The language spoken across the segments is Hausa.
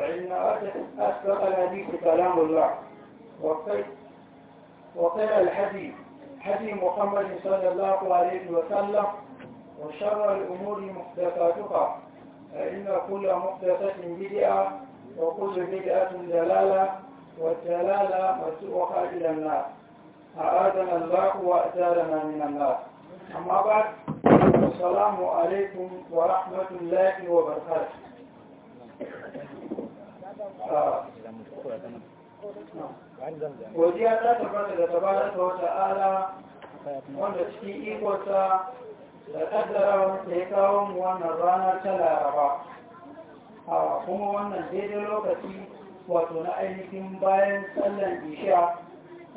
فإن أصدق الحديث كلام الله وخير الحديث حديث محمد صلى الله عليه وسلم وشر الأمور محدثاتها فإن كل محدثة بدعة وكل بدعة دلالة والدلالة مسوقة إلى الناس أعاذنا الله وأجارنا من النار أما بعد السلام عليكم ورحمة الله وبركاته godiya ta tabbata da tabaraka wa ta'ala wanda cikin ikonsa da ƙaddara wata ya kawo mu wannan rana ta laraba a kuma wannan daidai lokaci wato na ainihin bayan sallan isha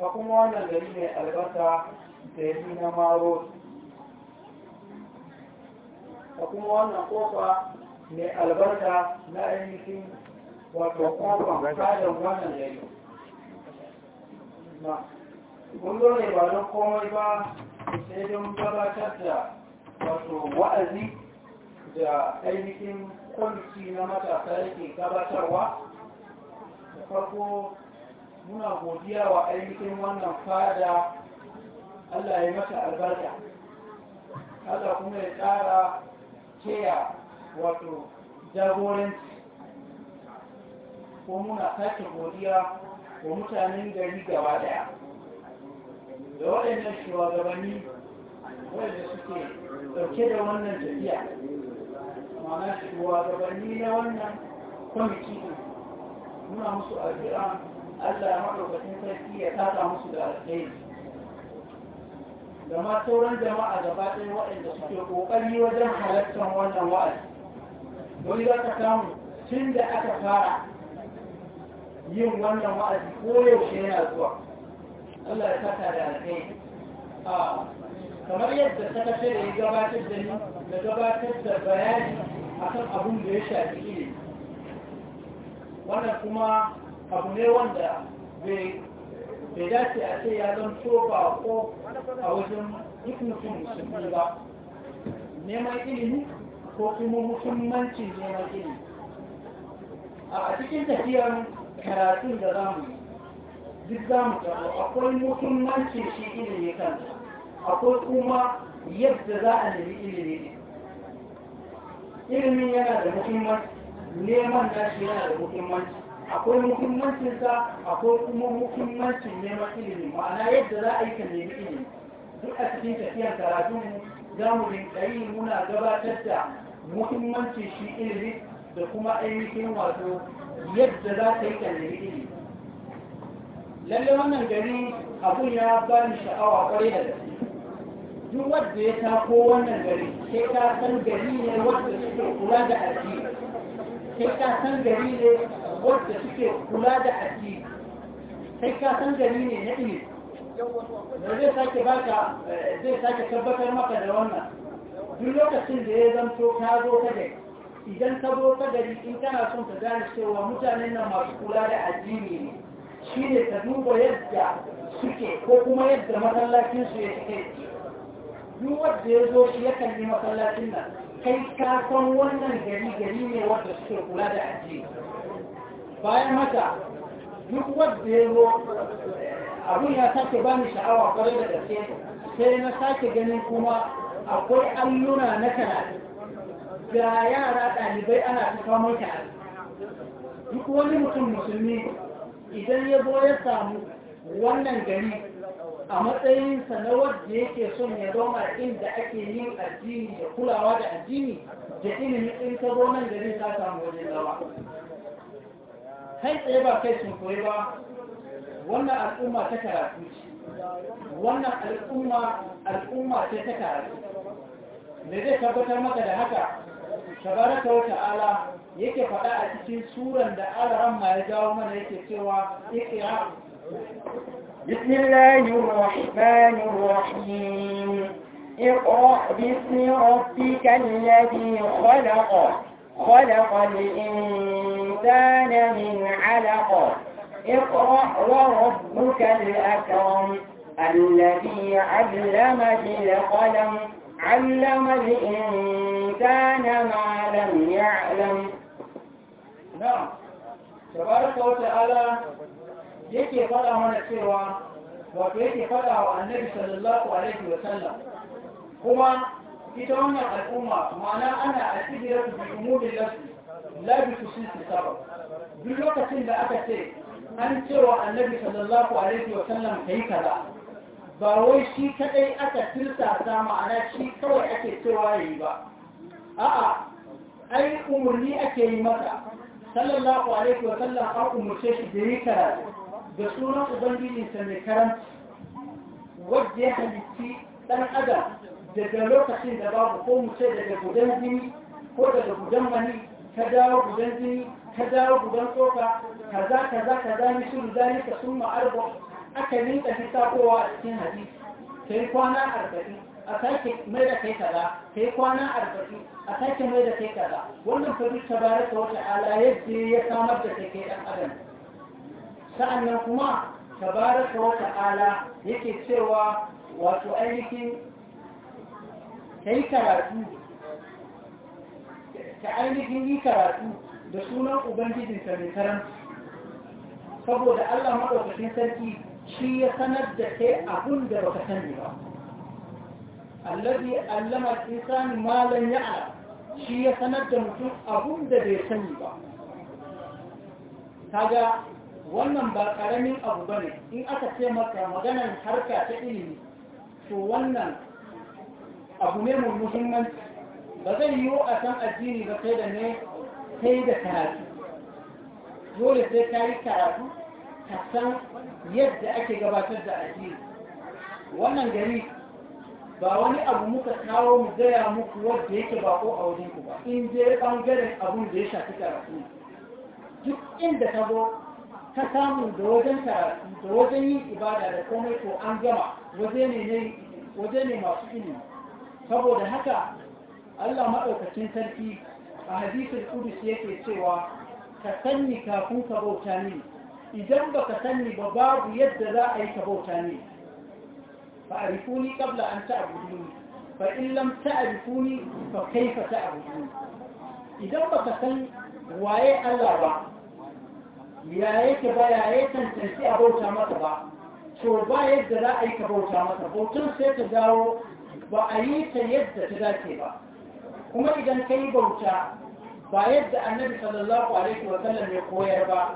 a kuma wannan gari mai albata da yi na maro a kuma wannan kofa mai albata na ainihin wato kofan kayan wannan yayi ba ne ba don komai ba sai don gabatar da wato wa'azi da ainihin kwamiti na matasa yake gabatarwa da farko muna godiya wa ainihin wannan fada allah ya mata albarka Haka kuma ya tsara keya wato jagoranci ko muna sake godiya wa mutanen gari gaba daya da waɗannan shugabanni waɗanda suke ɗauke da wannan tafiya mana shugabanni na wannan kwamiti muna musu addu'a Allah ya maɗaukacin sarki ya tata musu da alkhairi da ma sauran jama'a gaba ɗaya waɗanda suke ƙoƙari wajen halartar wannan wa'azi wani za ka samu tun da aka fara yin wannan wa'azi ko yaushe yana zuwa Allah ya saka da alheri kamar yadda da ya gabatar da ni da gabatar da bayani akan abin da ya shafi ne wannan kuma abu ne wanda bai dace a ce ya zan so ko a wajen duk mutum musulmi ba neman ilimi ko kuma muhimmancin neman ilimi a cikin tafiyar karatun da zamu yi duk zamu karo akwai muhimmancin shi ilimi kansa akwai kuma yadda za a nemi ilimi ne ilimin yana da muhimmanci neman nashi yana da muhimmanci akwai muhimmancinsa akwai kuma muhimmancin neman ilimi ma'ana yadda za a yi ka nemi ilimi duk a cikin tafiyar karatunmu za mu rinka yi muna gabatar da muhimmancin shi ilimi da kuma ainihin wato yadda za ta yi kallon ilimi lalle wannan gari abun ya ba ni sha'awa kwarai da gaske duk wanda ya tako wannan gari sai ka san gari ne wanda suke kula da addini sai ka san gari ne wanda suke kula da addini sai ka san gari ne na ilimi da zai sake baka eh, zai sake tabbatar maka da wannan duk lokacin da ya zanto ka zo ka dai idan ka zo ta gari in kana son ka gane cewa mutanen nan masu kula da addini ne shi ne ka duba yadda suke ko kuma yadda masallacinsu ya suke duk wanda ya zo shi ya kalli masallacin nan kai ka san wannan gari gari ne wanda suke kula da addini bayan haka duk wanda ya zo abun ya sake bani sha'awa kwarai da gaske sai na sake ganin kuma akwai alluna na karatu ga yara ɗalibai ana ta kamo tare duk wani mutum musulmi idan ya ya samu wannan gari a matsayinsa na wadda yake son ya zauna inda ake yin addini da kulawa da addini da ilimin in ka zo nan gari ta samu wajen zawa kai tsaye ba kai sun koyi ba wannan al'umma ta karatu wannan al'umma al'umma ce ta karatu me zai tabbatar maka da haka tabaraka wa ta'ala yake faɗa a cikin suran da alaramma ya jawo mana yake cewa ikira بسم الله الرحمن الرحيم اقرأ باسم ربك الذي خلق خلق الإنسان من علق اقرأ وربك الأكرم الذي علم بالقلم علم الإنسان ما لم يعلم نعم تبارك وتعالى يكي قضى من السروا وكيكي قضى النبي صلى الله عليه وسلم هما كتونا الأمة معنى أنا أتدر في أمور الله لا بتسلس السبب بلوقت لا أكثر أنت سروا النبي صلى الله عليه وسلم كيكذا ba wai shi kadai aka tirsasa ma'ana shi kawai ake cewa yi ba a'a ai umarni ake yi maka sallallahu alaihi wa sallam an umarce shi da yi karatu da sunan ubangiji sa mai karanci wadda ya halitti dan adam daga lokacin da babu ko mu ce daga gudan jini ko daga gudan mani ka dawo gudan jini ka dawo gudan tsoka kaza kaza kaza ni shiru zalika summa arba aka rinka hisabowa a cikin hadisi kai kwana arba'in a sake mai da kai kaza kai kwana arba'in a sake mai da kai kaza wannan fa duk ta wata ala yadda ya samar da kai kai dan adam sa'annan kuma ta wata ala yake cewa wato ainihin kai karatu ta ainihin yi karatu da sunan ubangijinsa mai karanci saboda Allah maɗaukakin sarki shi ya sanar da kai abun da baka sani ba allazi allama insani ma lam ya'lam shi ya sanar da mutum abun da bai sani ba kaga wannan ba karamin abu bane in aka ce maka maganar harka ta ilimi to wannan abu ne mai muhimmanci ba zai yiwu a san addini ba sai da ne sai da karatu dole sai ka yi karatu ka san yadda ake gabatar da addini wannan gari ba wani abu muka kawo mu gaya muku wadda yake bako a wajen ku ba in je bangaren abun da ya shafi karatu duk inda ka zo ka samu da wajen karatu da wajen yin ibada da komai ko an gama waje ne masu ilimi saboda haka Allah maɗaukacin sarki a hadisul kudus yake cewa ka sanni kafin ka bauta mini idan baka sani ba babu yadda za a yi ka bauta ne fa arifuni qabla an ta'buduni fa in lam ta'rifuni fa kayfa ta'buduni idan baka san waye Allah ba ya yake ba ya yake tantance a bauta masa ba to ba yadda za a yi ka bauta masa bautan sai ta dawo ba a yi ta yadda ta dace ba kuma idan ka yi bauta ba yadda annabi sallallahu alaihi wa sallam ya koyar ba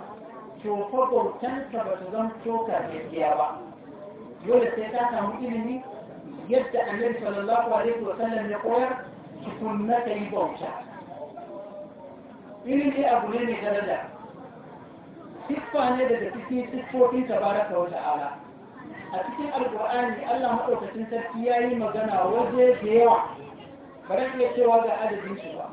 tofa bautansa ba su zama toka gaskiya ba dole sai ta samu ilimi yadda annabi sallallahu alaihi wa sallam ya koyar kunna ta yi bauta ilimi abu ne mai daraja siffa ne daga cikin siffofin tabaraka wa ta'ala a cikin alkur'ani Allah maɗaukacin sarki ya yi magana waje da yawa ba zan iya cewa ga adadin shi ba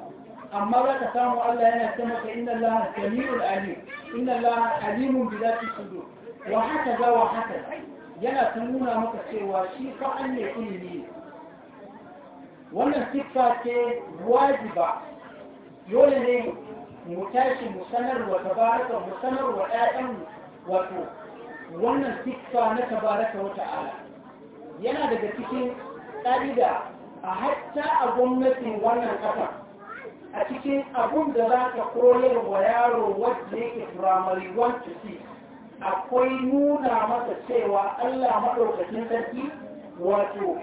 amma za ka samu Allah yana taimaka maka inna Allah samiul alim inna Allah alimun bi zati sudur wa za wa hakaza yana ta nuna maka cewa shi fa an ne ilimi wannan siffa ce wajiba dole ne mu tashi mu sanar wa tabaraka mu sanar wa ƴaƴan wato wannan siffa na tabaraka wa ta'ala yana daga cikin ƙa'ida a hatta a gwamnatin wannan ƙasa a cikin abun da za ka koyar wa yaro wadda yake firamari 1 6 akwai nuna masa cewa Allah maɗaukacin sarki wato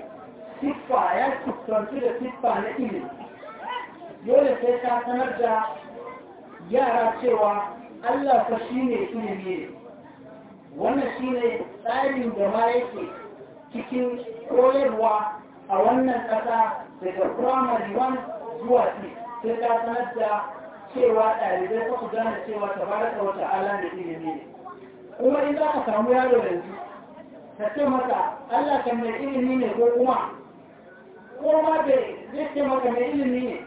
siffa ya siffanci da siffa na ilimi dole sai ka sanar da yara cewa Allah fa shi ne ilimi ne wannan shi ne tsarin da ma yake cikin koyarwa a wannan ƙasa daga firamari 1 zuwa 6 sai ta sanar da cewa ɗalibai ko ku gane cewa ta ba tabaraka wa ta'ala da ilimi ne kuma in za ka samu yaro yanzu ka ce masa Allah kan mai ilimi ne ko kuma ko ma bai zai ce maka mai ilimi ne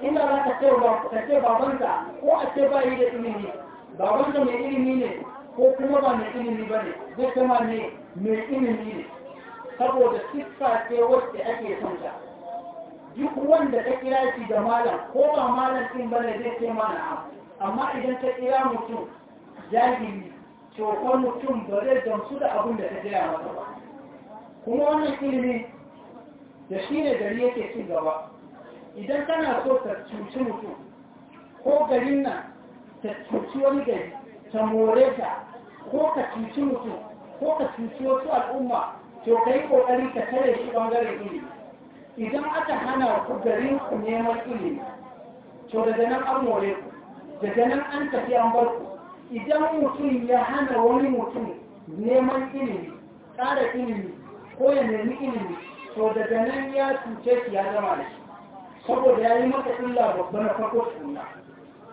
inda za ka ce ka ce babanta ko a ce ba yi da ilimi Babanta mai ilimi ne ko kuma ba mai ilimi ba ne zai ce ma ne mai ilimi ne saboda siffa ce wacce ake son ta duk wanda ta kira shi da malam ko ba malam ɗin ba da zai ce mana amma idan ta kira mutum jahili to ko mutum ba zai gamsu da abin da ta gaya masa ba kuma wannan ilimi da shi ne gari yake cin gaba idan kana so ka cuci mutum ko garin nan ta cuci wani gari ta more ta ko ka cuci mutum ko ka cuci wasu al'umma to ka yi ƙoƙari ka tare shi ɓangaren ilimi idan aka hana ku garin ku neman ilimi to daga nan an more ku daga nan an tafi an bar ku idan mutum ya hana wani mutum neman ilimi ƙara ilimi ko ya nemi ilimi to daga nan ya cuce shi ya zama da shi saboda ya yi maka illa babba na farko suna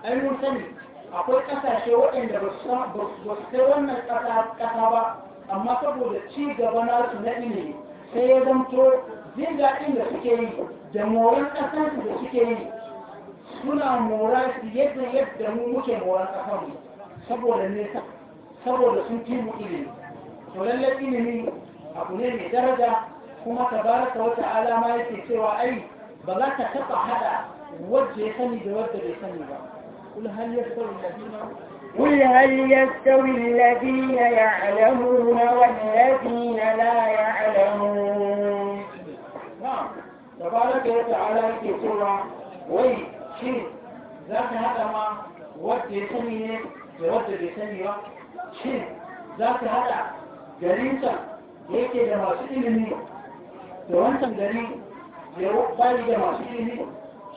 ai mun sani akwai ƙasashe waɗanda ba su kai wannan ƙasa ba amma saboda ci gaba na su na ilimi sai ya zamto jin daɗin da suke yi da moran ƙasarsu da suke yi suna mora su yadda yadda mu muke moran ƙasarmu saboda nesa saboda sun fi mu ilimi to lallai ilimi abu ne mai daraja kuma tabaraka wata alama yake cewa ai ba za ka taɓa haɗa wadda ya sani da wadda bai sani ba kul hal yastawi alladhina قل هل يستوي الذين يعلمون والذين لا يعلمون da baraka yi ta'ala yake cewa wai shi za ka haɗa ma wadda ya sani ne da wadda bai sani ba shi za ka haɗa garinsa yake da masu ilimi da wancan gari ya bayi da masu ilimi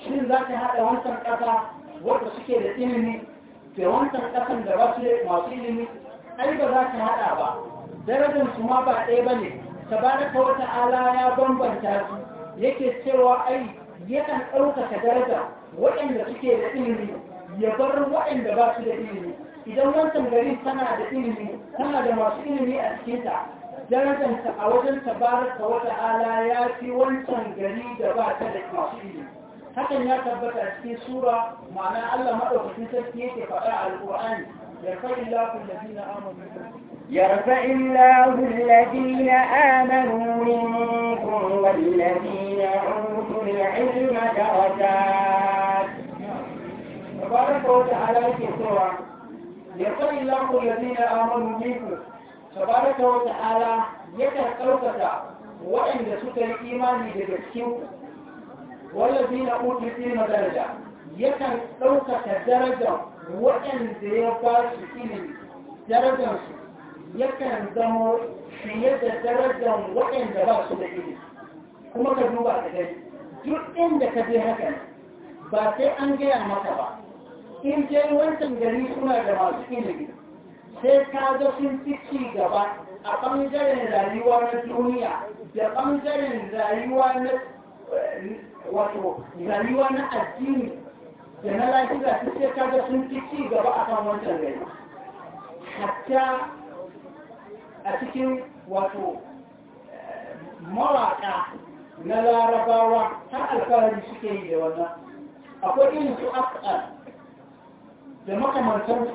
shi za ka haɗa wancan ƙasa wadda suke da ilimi da wancan ƙasan da ba su masu ilimi ai ba za ka haɗa ba darajar su ma ba ɗaya ba ne tabaraka wata'ala ya bambanta su yake cewa ai yakan ɗaukaka daraja waɗanda suke da ilimi ya bar waɗanda ba su da ilimi idan wancan gari tana da ilimi tana da masu ilimi a cikinta darajanta a wajen tabaraka wata'ala ya fi wancan gari da ba ta da masu ilimi hakan ya tabbata a cikin sura ma'ana Allah madaukakin sarki yake faɗa a alƙur'ani yarfa illahu alladhina amanu يرفع الله الذين آمنوا منكم والذين أوتوا العلم درجات تبارك وتعالى سورة يرفع الله الذين آمنوا منكم تبارك وتعالى يتحقق وعند سوء الإيمان بالكيو والذين أوتوا العلم درجة يتحقق درجة وعند يبقى سكين درجة yakan zamo fiye da darajar waɗanda ba su da ilimi kuma ka duba ka gani duk inda ka je haka ba sai an gaya maka ba in je wancan gari suna da masu ilimi sai ka ga sun fi ci gaba a ɓangaren rayuwa na duniya da ɓangaren rayuwa na wato rayuwa na addini da na lafiya sai ka ga sun fi ci gaba a kan wancan gari hatta a cikin wato eh, mawaƙa na larabawa ta alfahari suke yi da wannan akwai irin su as'ar da makamantar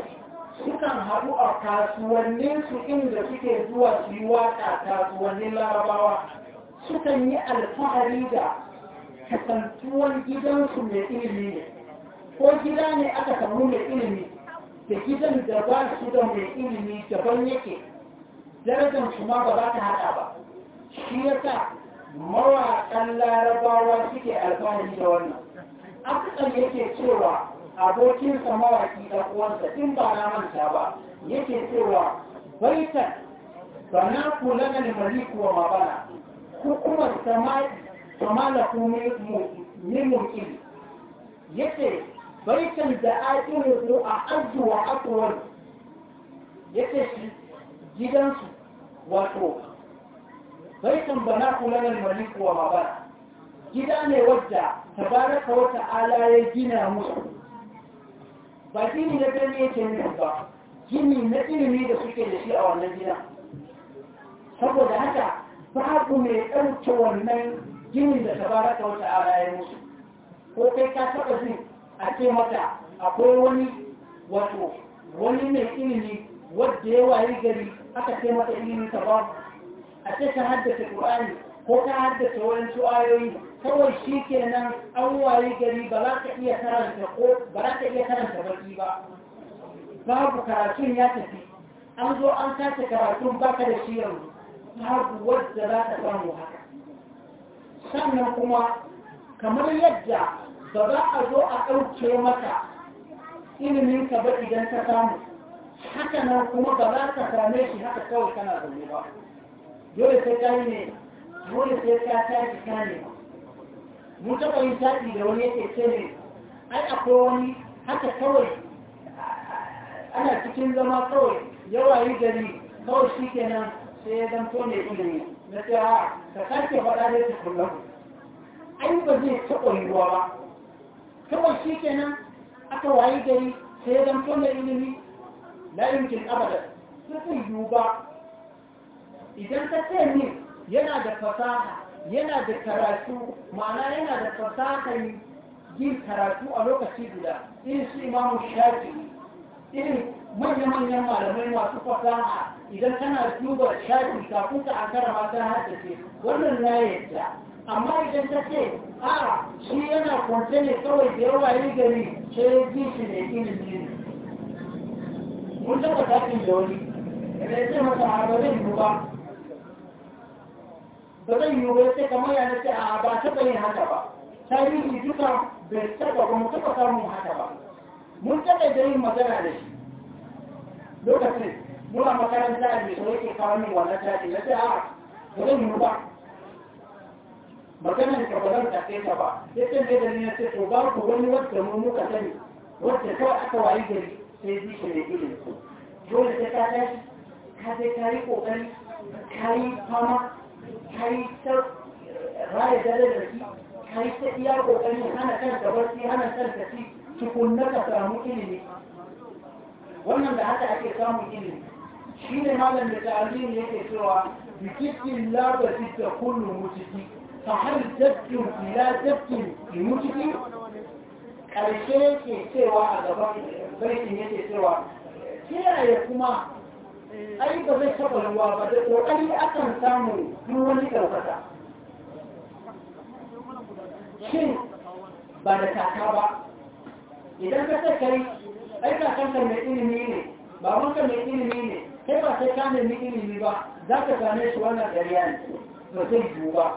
sukan haɗu a kasuwannin inda suke zuwa su yi waka kasuwannin larabawa sukan yi alfahari da kasantuwan gidansu mai ilimi ne ko gida ne aka samu mai ilimi da gidan da ba su da mai ilimi daban yake darajar kuma ba za ta haɗa ba shi ya sa mawaƙan larabawa suke alfahari da wannan afirkan yake cewa abokinsa mawaƙi da kuwansa in ba na manta ba yake cewa baitan bana kula na limariku wa mabana hukumar samala kuma ne mimurki yake baitan da aƙiru a azu wa akwai yake shi gidansu wato baitan bana kulanar maliku wa ba gida ne wadda tabaraka wata ala ya gina musu ba gini na gani yake nufi ba gini na ilimi da suke da shi a wannan gida saboda haka babu mai ɗauke wannan ginin da tabaraka wata ala ya musu ko kai ka taɓa jin a ce mata akwai wani wato wani mai ilimi wadda ya wayi gari aka ce mata ilimin ta ba a ce ta haddace ƙur'ani ko ta haddace wani ayoyi kawai shi kenan an waye gari ba za ka iya karanta ko ba za ka iya karanta baki ba babu karatun ya tafi an zo an sace karatun baka da shi yanzu babu wadda za ta samu haka sannan kuma kamar yadda ba za a zo a ɗauke maka ilimin ka ba idan ka samu haka nan kuma ba za ka same shi haka kawai kana zaune ba dole sai ka yi ne dole sai ka tashi ka ne mun taɓa yin tashi da wani yake ce ne ai akwai wani haka kawai ana cikin zama kawai yawa yi gari kawai shi ke nan, sai ya zanto ne ilimi na ce a ka sake faɗa da ta kula ai ba zai taɓa yiwuwa ba kawai shi nan aka wayi gari sai ya zanto ne ilimi la yumkin abada sun yiwu ba idan ka ce min yana da fasaha yana da karatu ma'ana yana da fasahar yin karatu a lokaci guda irin su imamu shafi irin manya-manyan malamai masu fasaha idan kana duba shafi kafin ka an kara mata haddace wannan na yadda amma idan ta ce a shi yana kwance ne kawai da yawa yi gari sai ji shi ne ilimi ne mun taɓa tafi da wani da ya ce masa a ba zai yi ba ba zai yi ba sai kamar yana ce a ba taɓa yin haka ba tarihi duka bai taɓa ba mu taɓa samun haka ba mun taɓa da yin magana da shi lokacin muna makaranta a mai sauye ke kawo min wannan tafi na ce a ba zai yi ba magana da kabalar ta kai ta ba ya ce ne da ni na ce to ba ku wani wadda mu muka sani wadda kawai aka wayi gari ya bi shi da ilin su dole ta kada ka sai ka yi kokari ka yi fama ka yi ta raya dare da shi ka yi ta iya kokari hana kan da barci hana kan da shi tukunna ka samu ilimi wannan da haka ake samun ilimi shi ne malam da ta'azim yake cewa bikikin labasi da kullum mutuki, fa hal tafkin ila tafkin mutuki. ƙarshe yake cewa a gaban baitin yake cewa kiyaye kuma ai ba zai taɓa ruwa ba da ƙoƙari akan samu duk wani shin ba da kaka ba idan ka ta kai ai kakanka mai ilimi ne babanka mai ilimi ne kai ba sai ka nemi ilimi ba za ka same shi wannan ƙarya ne ba zai yiwu ba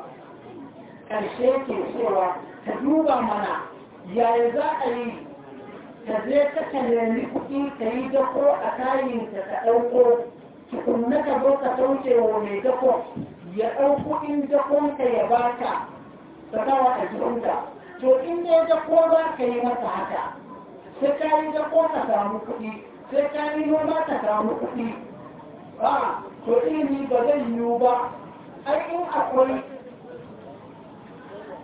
ƙarshe ke cewa ka duba mana yayin za a yi ka je ka ka kuɗi ka yi dako a kayan ka ta ɗauko tukunna ka zo ka sauke wa mai dako ya ɗauko in dakon ka ya baka ka kawo a jikinka to in dai dako za ka yi masa haka sai ka yi dako ka samu kuɗi sai ka yi noma ka samu kuɗi Ba. to ilimi ba zai yiwu ba ai in akwai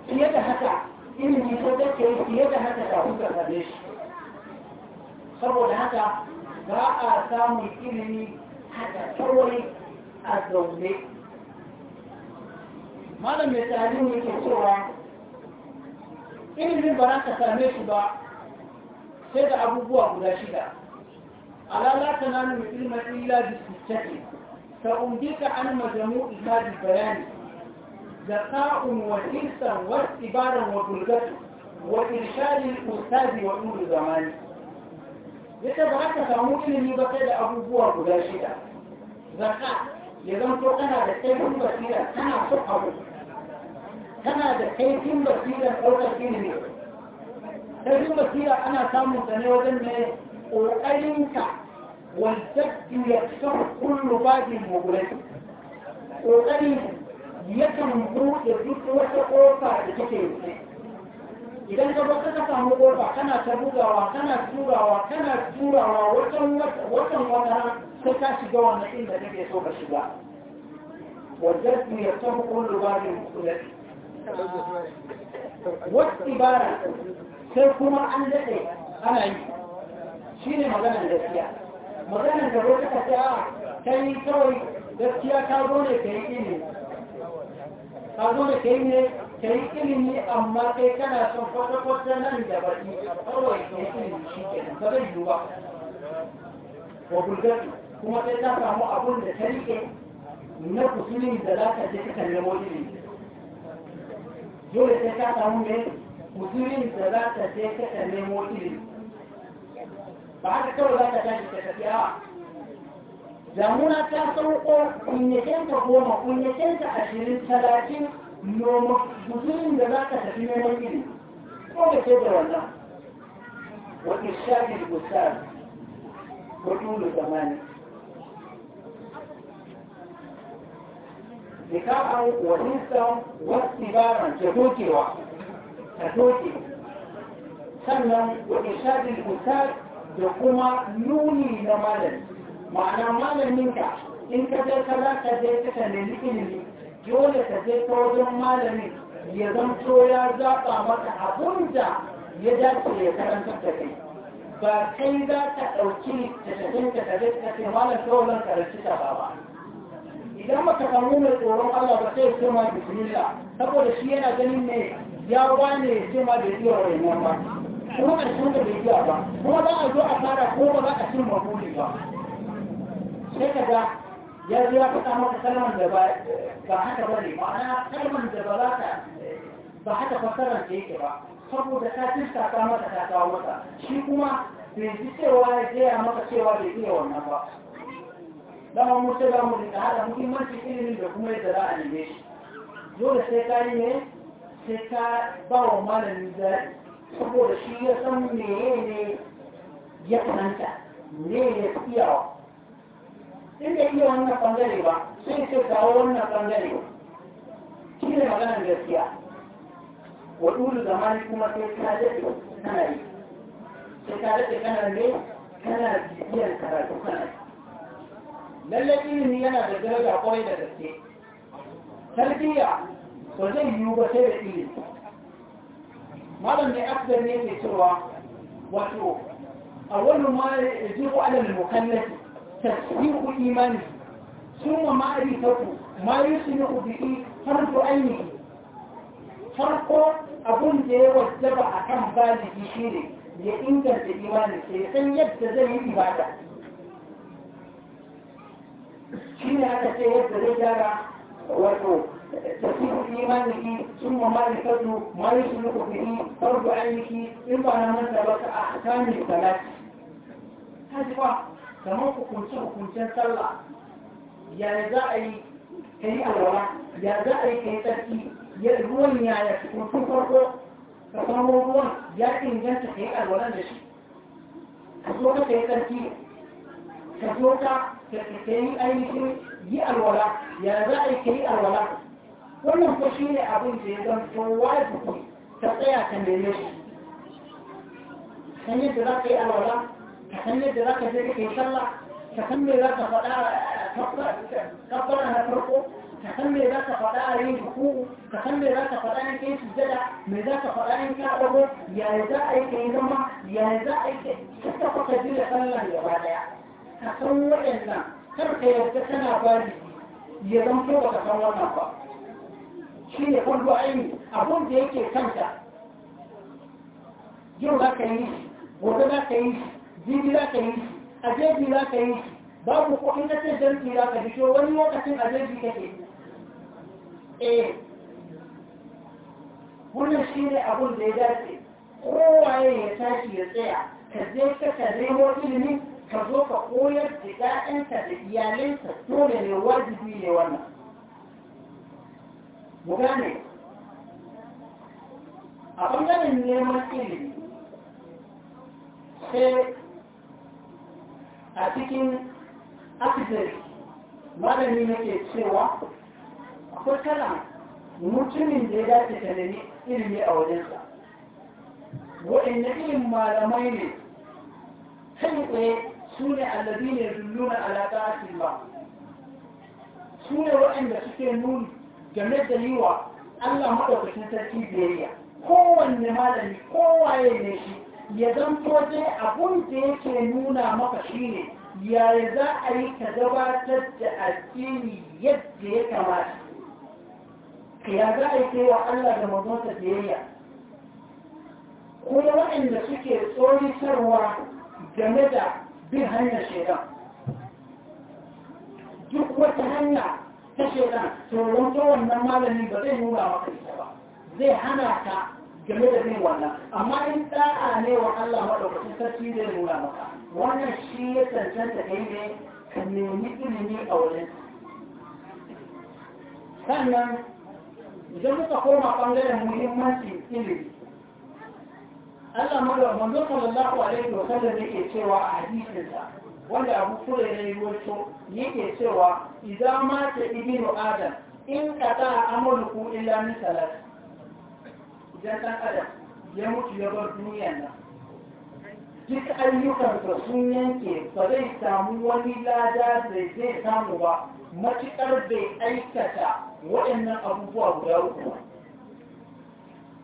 fiye da haka ilimi ko take yadda haka kafin ka same shi saboda haka ba a samun ilimi haka kawai a zaune malam mai tsari ne ke cewa ilimin ba za ka same shi ba sai da abubuwa guda shida alala ta nanu mai ilimin illa da su ta umdika an majamu ila bayani ذكاء وحرصا واستبارا وبلغته وإرشاد الأستاذ ونور زمانه يتبعك فممكن أن يبقى لأبوه وبلا شدة ذكاء يظن أنا ذكيت بسيرا أنا صحبه كما ذكيت بسيرا أو ذكيت بسيرا ذكيت بسيرا أنا سامو سنوزا من أؤلمك والذكي يكسر كل باقي وبلا شدة أؤلمك yakan buɗe duk wata ƙofa da take rufe idan ka baka ka samu ƙofa kana ta bugawa kana turawa kana turawa watan watan wata sai ka shiga wannan inda kake so ka shiga kuma an daɗe باب مختلف والعبارة سيكون عن لدي أنا عندي شيني مغانا الجسية مغانا gaskiya كي zo ne كابوني yi إني ka zo da kai ne ka yi ilimi amma kai kana son kwata-kwata nan da baki kawai ke yi ilimi shi ke nan ba zai yiwu ba wa bulgari kuma sai ta samu abun da ne na kusurin da za ka je ka nemo ilimi dole sai ka samu ne kusurin da za ka je ka nemo ilimi ba haka kawai za ka tashi ka tafiya lamuna ta sauko kunyacen goma kunyacen ashirin talatin noma mutumin da za ka tafi neman gini ko da ke da wannan wani shafi gusar hudu da zamani nika'an wajisan wasu baran ta dokewa ta doke sannan wani shafi gusar da kuma nuni na malami ma'ana malaminka in ka je ka za ka je ka nemi ilimi dole ka je ka wajen malamin ya zanto ya zaɓa maka abun da ya dace ya karanta da kai ba kai za ka ɗauki da tafin ka ka je ka ce malam kawai karanci ta ba idan maka samu mai tsoron Allah ba sai ya ma bismillah saboda shi yana ganin ne ya wane ya ce ma da iya rayuwa ba kuma a cikin da bai iya ba kuma za a zo a fara ko ba za a cin mabuli ba sai ka ga ya ya faɗa maka kalmar da ba ba haka ba ne ma'ana kalmar da ba za ta ba haka fassarar da yake ba saboda ka tinta ka mata ta kawo mata shi kuma bai ji cewa ya gaya maka cewa bai iya wannan ba dama mu ce za mu rinka haɗa muhimmancin ilimin da kuma yadda za a neme shi dole sai ka yi ne sai ka ba wa malamin zai saboda shi ya san mene ne ya tsananta ne ya iyawa sai da iya wannan bangare ba sai ce kawo wannan bangare shi ne maganar gaskiya wa dulu zamani kuma sai ta daɗe kana yi sai ta daɗe kana ne kana bibiyar karatu kana lallai ilimi yana da daraja kwarai da gaske tarbiyya ba zai yiwu ba sai da ilimi malam da afdar ne ke cewa wato awwalu ma yajibu ala al-mukallafi تصحيح إيمانه ثم معرفة ما يسمع به فرض عينه فرق أبن جاي والجبع كم بالي يشيره يإنجز إيمانه سيقن يبتزل إبادة شيني هذا سيبتزل جارة wato tasirin imaniki sun mamari kallo mari sun yi kufiri farko ainihi in ba na manta ba ta a kamin kamar hukunce hukuncin sallah ya za a yi ta yi alwala ya za a yi ta yi tsarki ya ruwan ya ya hukuncin farko ka kuma ruwan ya inganta ka yi alwala da shi ka zo ka yi tsarki ka zo ka ta yi ainihin yi alwala ya za a yi ka yi alwala wannan ko shi ne abin da ya zanto wajibi ka tsaya ka nemi shi kan yadda za ka yi alwala kakanne da zaka je kake sallah kakanne da zaka fada kafara kafara na farko kakanne da zaka fada yin ruku kakanne da zaka fada yin sujada me da zaka fada yin kabo ya za a yi kai zama ya za a yi kai ka fara jira sallah ba da ka san wadannan kar ka yarda kana bari ya zama ko ka san wannan ba shi ne kwallo aini abun da yake kanta yau za ka yi gobe za ka yi shi jibi za ka yi shi a jeji za ka yi shi babu kuɗin na ce jamfi za ka fito wani lokacin a jeji kake eh wannan shi ne abun da ya dace kowaye ya tashi ya tsaya ka je ka ka nemo ilimin ka zo ka koyar da ɗa'yanka da iyalinka dole ne wajibi ne wannan mu gane a ɓangaren neman ilimi sai a cikin accident malami nake cewa akwai mutumin da ya dace ta nemi ilimi a wajensa waɗanda irin malamai ne kai tsaye su ne allabi ne zulluna alaƙa asin ba su ne waɗanda suke nuni game da yi wa allah maɗaukacin sarki biyayya kowanne malami kowaye ne shi ya zanto dai abun da yake nuna maka shine yaya za a yi ka gabatar da addini yadda ya kamata ya za a yi wa Allah da mazonsa biyayya kuma waɗanda suke tsoritarwa game da bin hanyar shaidan duk wata hanya ta shaidan tsoron wannan malami ba zai nuna maka ita ba zai hana ka game da bin wannan amma in da'a ne wa Allah maɗaukacin sarki zai nuna maka wannan shi ya cancanta kai ne ka nemi ilimi a wurin sannan idan muka koma ɓangaren muhimmancin ilimi Allah mala manzo sallallahu alaihi wa sallam yake cewa a hadisinsa wanda Abu Hurairah ya rawaito yake cewa idan mata ibnu adam in qata amaluku illa min salat idan ɗan adam ya mutu ya bar duniya nan duk ayyukansa sun yanke ba zai samu wani lada da zai samu ba matuƙar bai aikata waɗannan abubuwa guda uku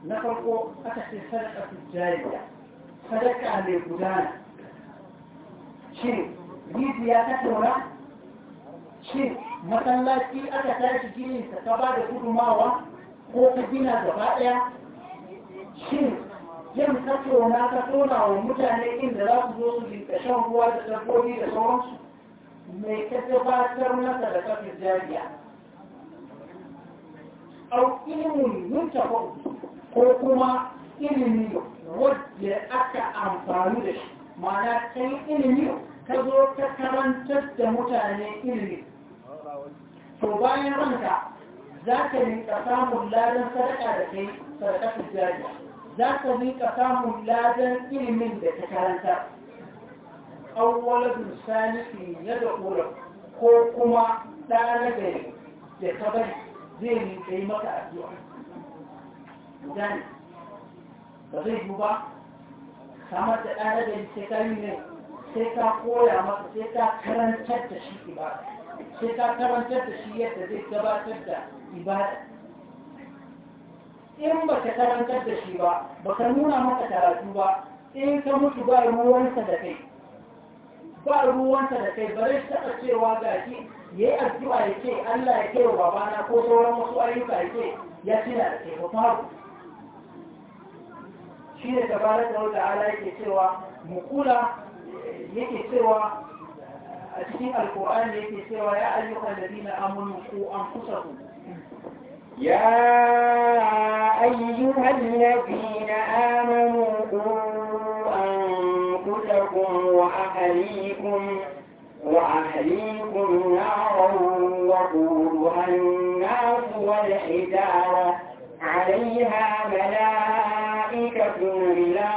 na farko aka ce sadaka su jariya sadaka mai gudana shi rijiya ta tura shi masallaci aka tashi ginin ta ba da gudumawa ko ka gina gaba ɗaya shin yin na ta tona wa mutane inda za su zo su jinka shan ruwa da dabbobi da sauransu mai ta gabatar masa da kafin jariya au ilimin yuntafa ko kuma ilimi wadda aka amfani da shi ma'ana kai ilimi ka zo ka karantar da mutane ilimi to bayan ranka za ka rinka samun ladan sadaka da kai sadaka jariya za ka rinka samun ladan ilimin da ta karanta awwaladun salihin na da ko kuma ɗa da ka bari zai rinka yi maka zuwa gani ba zai duba ba samar da ɗa na gari sai ka yi ne sai ka koya masa sai ka karantar da shi ibada sai ka karantar da shi yadda zai gabatar da ibada in ba ka karantar da shi ba ba ka nuna mata karatu ba in ka mutu ba ruwansa da kai ba ruwansa da kai bare shi taɓa cewa ga shi ya yi addu'a ya ce Allah ya kewa babana ko sauran wasu ayyuka ya ce ya da kai ba faru shi ne tabarar da wata ala yake cewa mukula yake cewa a cikin alkur'ani yake cewa ya ayyukan da dina amunu ko an kusa ku يا أيها الذين آمنوا قوا أنفسكم وأهليكم وأهليكم نارا وقودها الناس والحجارة عليها ملائكة غلاظ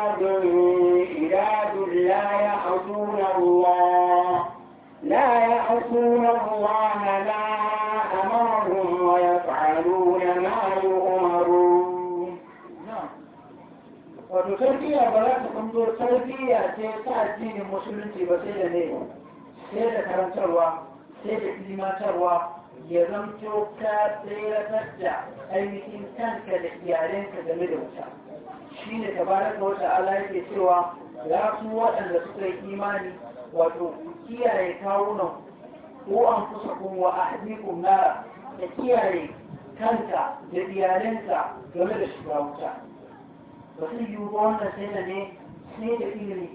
to tarbiyya ce ta addinin musulunci ba sai da ne sai da karantarwa sai da ilimantarwa ya zanto ka tseratar da ainihin kanka da iyalinka game da wuta shi ne da wata ala yake cewa ya su waɗanda suka yi imani wato kiyaye kawunan ko an kusa kuma a hadikun nara da kiyaye kanka da iyalenka game da shiga wuta ba sai yi ba wannan sai da ne سين إلي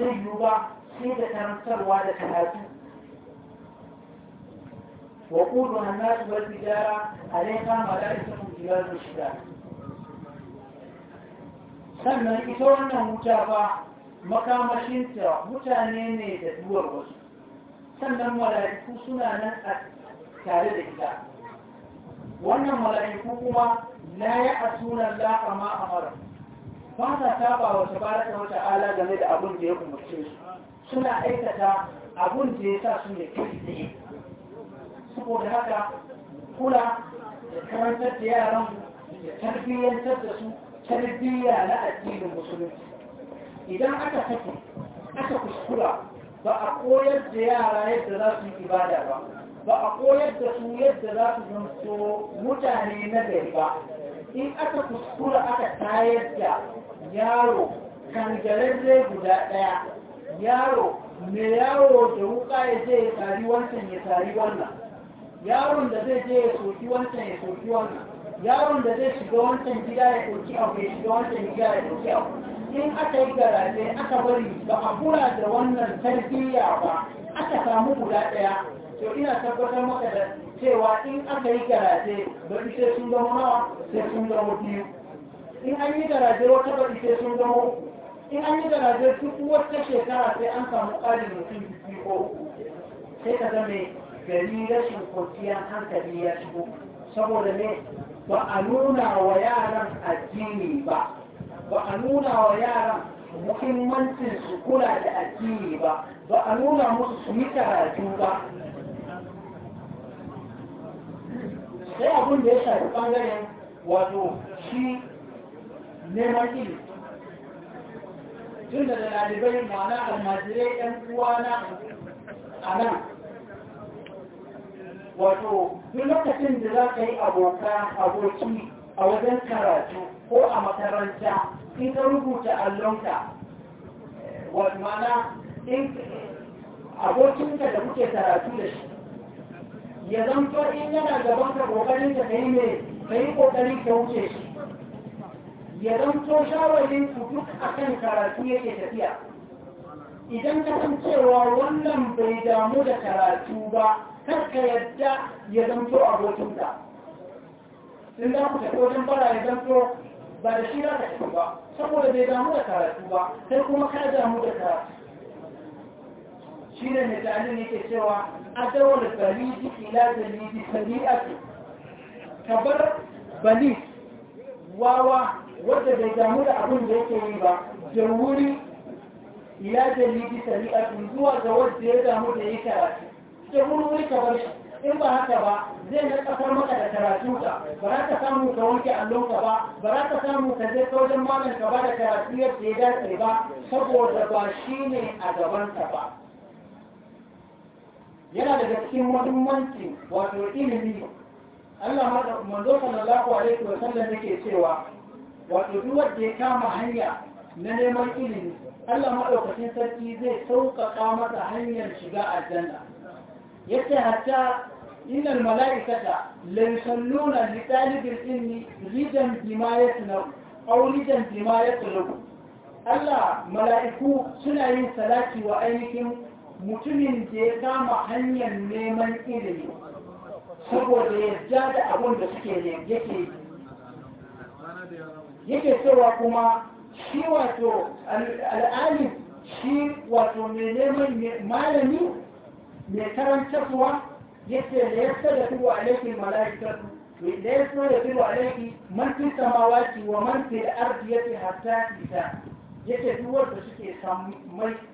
ان يوبا سين تنصر وادة هاتو وقول الناس والبجارة عليها مدارس من جبال الشداء سمنا إطورنا مجابا مقام شنطة متانين تدور ba sa saba wa tabaraka wa ta'ala game da abin da ya umarce su suna aikata abin da ya sa su ne kai saboda haka kula da karantar da yaran da tarbiyyantar da su tarbiyya na addinin musulunci idan aka saki aka kuskura ba a koyar da yara yadda za su yi ibada ba ba a koyar da su yadda za su zanto mutane na gari ba in aka kuskura aka tayar da yaro kangararre guda ɗaya yaro me yaro da wuka ya je ya tari wancan ya tari wannan yaron da zai je ya soki wancan ya soki wannan yaron da zai shiga wancan gida ya soki abu ya shiga wancan gida ya soki abu in aka yi garaje aka bari ba a kula da wannan tarbiyya ba aka samu guda ɗaya to ina tabbatar maka da cewa in aka yi garaje ba sai sun zama nawa sai sun zama biyu in an yi garaje wata bari sai sun zamo in an yi garaje duk wata shekara sai an samu ƙarin mutum biyu ko sai ka zama gari rashin kwanciyar hankali ya shigo saboda ne ba a nuna wa yaran addini ba ba a nuna wa yaran muhimmancin su kula da addini ba ba a nuna musu su yi karatu ba sai abin da ya shafi bangaren wato shi neman ilimi tun da ɗalibai ma'ana almajirai 'yan uwa na a nan wato duk lokacin da za ka yi aboka aboki a wajen karatu ko a makaranta in ka rubuta allonka wani mana in abokinka da kuke karatu da shi ya zanto in yana gaban ka kokarin ka mai ka yi kokarin ka wuce shi ya zanto shawarin ku duk akan karatu yake tafiya idan ka san cewa wannan bai damu da karatu ba kar ka yadda ya zanto abokinka in za ku tafi wajen bara ya zanto ba da shi za ka tafi ba saboda bai damu da karatu ba sai kuma ka damu da karatu shi ne mai ta'alin yake cewa adawar balidi ila balidi sabi'atu ka bar balis wawa wanda bai damu da abin da yake yi ba da wuri ya jalli shari'atu zuwa ga wanda ya damu da ya karatu da wuri wuri ka bar in ba haka ba zai na kasar maka da karatu ka ba za ka samu ka wanke allonka ba ba za ka samu ka zai wajen malam ba da karatu yadda ya dace ba saboda ba shi ne a gabanka ba yana daga cikin muhimmanci wato ilimi Allah manzo sallallahu alaihi wa sallam yake cewa wato duk wanda ya kama hanya na neman ilimi Allah maɗaukacin sarki zai sauƙaƙa masa hanyar shiga aljanna yace hatta إن الملائكة ليصلون لطالب العلم ردا بما يتنو أو ردا ya يطلب Allah mala'iku suna yin salati wa ainihin mutumin da ya kama hanyar neman ilimi saboda ya ja da abin da suke yake yake cewa kuma shi wato al'alim shi wato mai neman malami mai karantarwa yake da ya da tubu alaiki mala'ikatu da ya da a alaiki man fi samawati wa man fi ardi yake hata ita yake duk wanda suke samai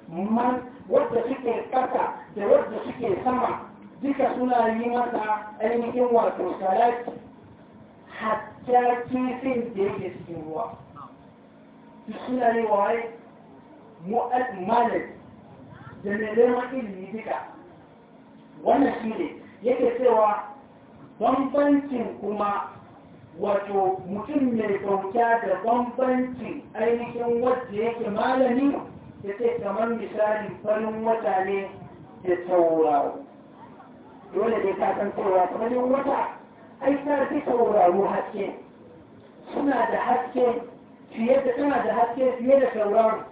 man wanda suke kasa da wanda suke sama duka suna yi masa ainihin wato salati hatta kifin da yake cikin ruwa suna ne waye mu'ad malik da mai neman ilimi duka wannan shi ne yake cewa bambancin kuma wato mutum mai bauta da bambancin ainihin wadda yake malami da ce kamar misali farin wata da tauraro dole ne ka san cewa farin wata ai ta fi sauraro haske suna da haske fiye da suna da haske fiye da sauraro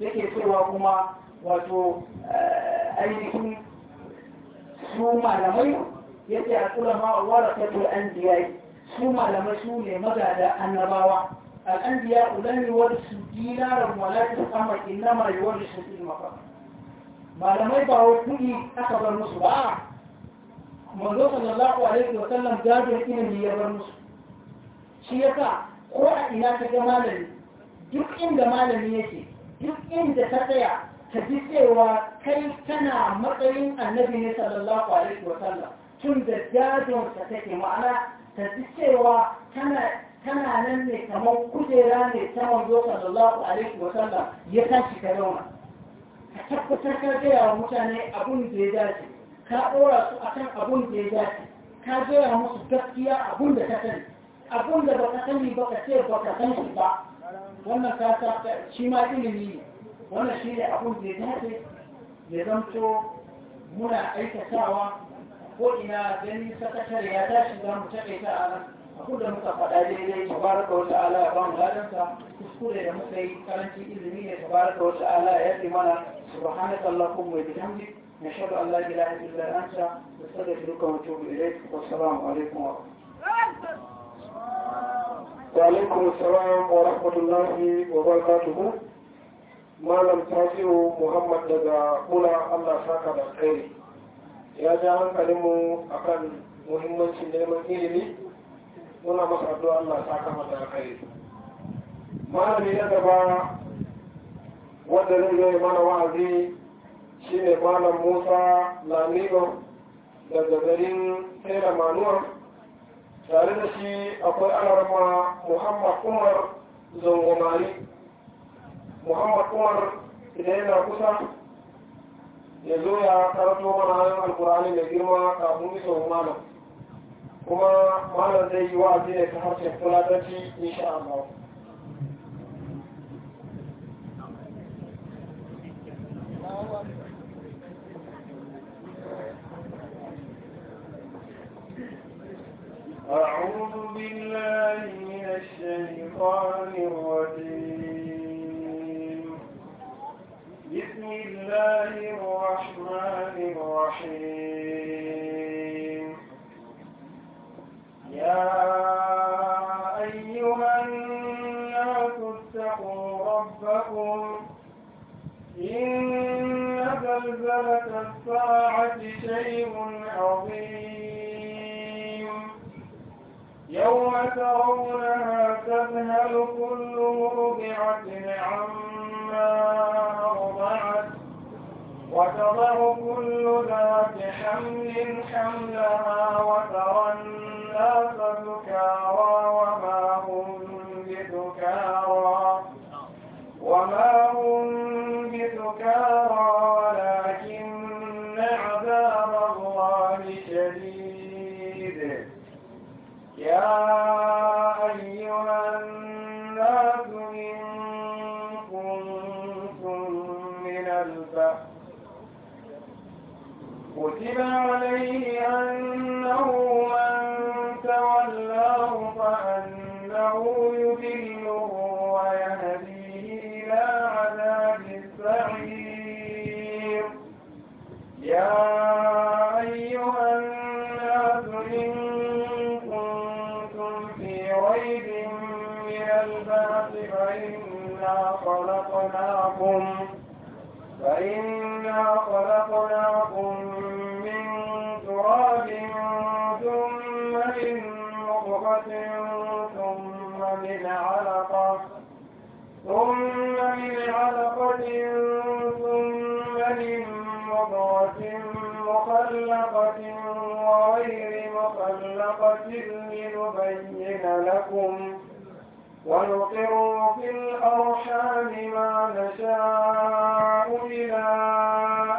yake cewa kuma wato eh, ainihin su malamai yake a kulama an anbiya su malamai su ne magada annabawa su al'anbiya su kama dinaran wala tasama innama su ilmafa malamai ba wa kudi aka bar musu ba manzo sallallahu alaihi wa sallam gadon ilimi ya bar musu shi yasa ko a ina ka ga malami duk inda malami yake duk inda ta tsaya ka ji cewa kai kana matsayin annabi ne sallallahu alaihi wa sallam tun da gadon ka take ma'ana ka ji cewa tana nan ne kamar kujera ne ta manzo sallallahu alaihi wa sallam ya tashi ka zauna ka tabbatar ka gaya wa mutane abun da ya dace ka ɗora su akan abun da ya dace ka gaya musu gaskiya abun da ka sani abun da ba ka sani ba ka ce ba ka san shi ba wannan ka sa shi ma ilimi ne wannan shi ne abun da ya dace ya zamto muna aikatawa ko ina gani sakatare ya tashi za mu taɓe ta a nan abun da muka faɗa daidai tabaraka wa ta'ala ya ba mu ladansa kuskure da muka yi karancin ilimi ne tabaraka wata ala ya fi mana subhanaka mai wa bihamdika نشهد أن لا إله malam tasiru muhammad daga kula ya ja hankalinmu a kan muhimmancin neman ilimi muna masa addu'a allah saka wanda zai zai mana wa'azi shi ne malam musa lamigo daga garin tera manuwa tare da shi akwai alarma muhammad umar zangomari muhammad umar idan yana kusa ya zo ya karato mana hanyar alkurani mai girma kafin iso malam kuma malam zai yi wa'azi ne ta harshen fulatanci insha Allah Thank you. أعوذ بالله من الشيطان الرجيم بسم الله الرحمن الرحيم يا أيها الناس اتقوا ربكم إن زلزلة الساعة شيء عظيم يوم ترونها تذهل كل مرضعة عما أرضعت وتضع كل ذات حمل حملها وترى الناس سكارى وما هم بسكارى وما هم بسكارى يا أيها الناس إن كنتم من البحر كتب عليه ربكم فإنا خلقناكم من تراب ثم من نطفة ثم من علقة ثم من علقة ثم من مضغة مخلقة وغير مخلقة لنبين لكم ونقر في الأرحام ما نشاء إلى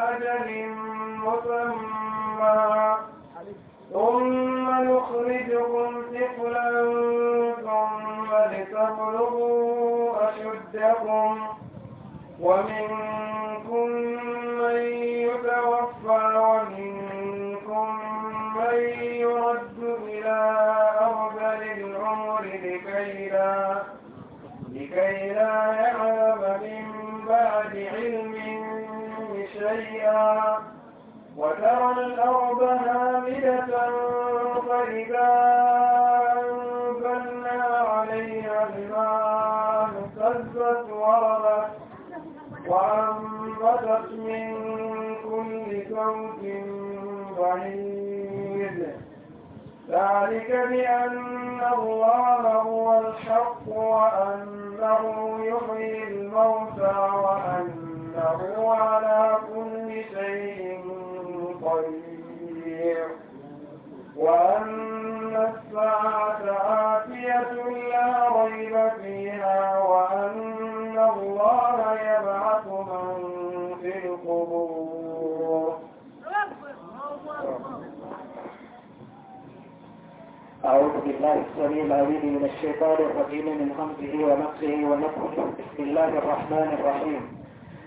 أجل مسمى ثم نخرجكم طفلا ثم لتبلغوا أشدكم ومنكم من يتوفى ومنكم لكي لكي لا يعلم من بعد علم شيئا وترى الأرض هامدة فإذا أنزلنا عليها الماء اهتزت وربت وأنبتت من كل كوكب بعيد ذلك بأن الله هو الحق وأنه يحيي الموتى وأنه على كل شيء قدير وأن الساعة آتية لا ريب فيها وأن الله يبعث من في القبور أعوذ بالله السميع العليم من الشيطان الرجيم من همزه ونفسه ونفسه بسم الله الرحمن الرحيم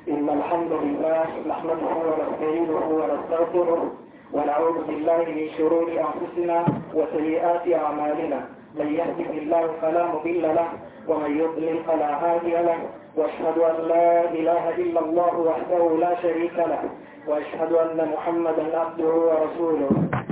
إن الحمد لله نحمده ونستعينه ونستغفره ونعوذ بالله من شرور أنفسنا وسيئات أعمالنا من يهده الله فلا مضل له ومن يضلل فلا هادي له واشهد أن لا إله إلا الله وحده لا شريك له واشهد أن محمدا عبده ورسوله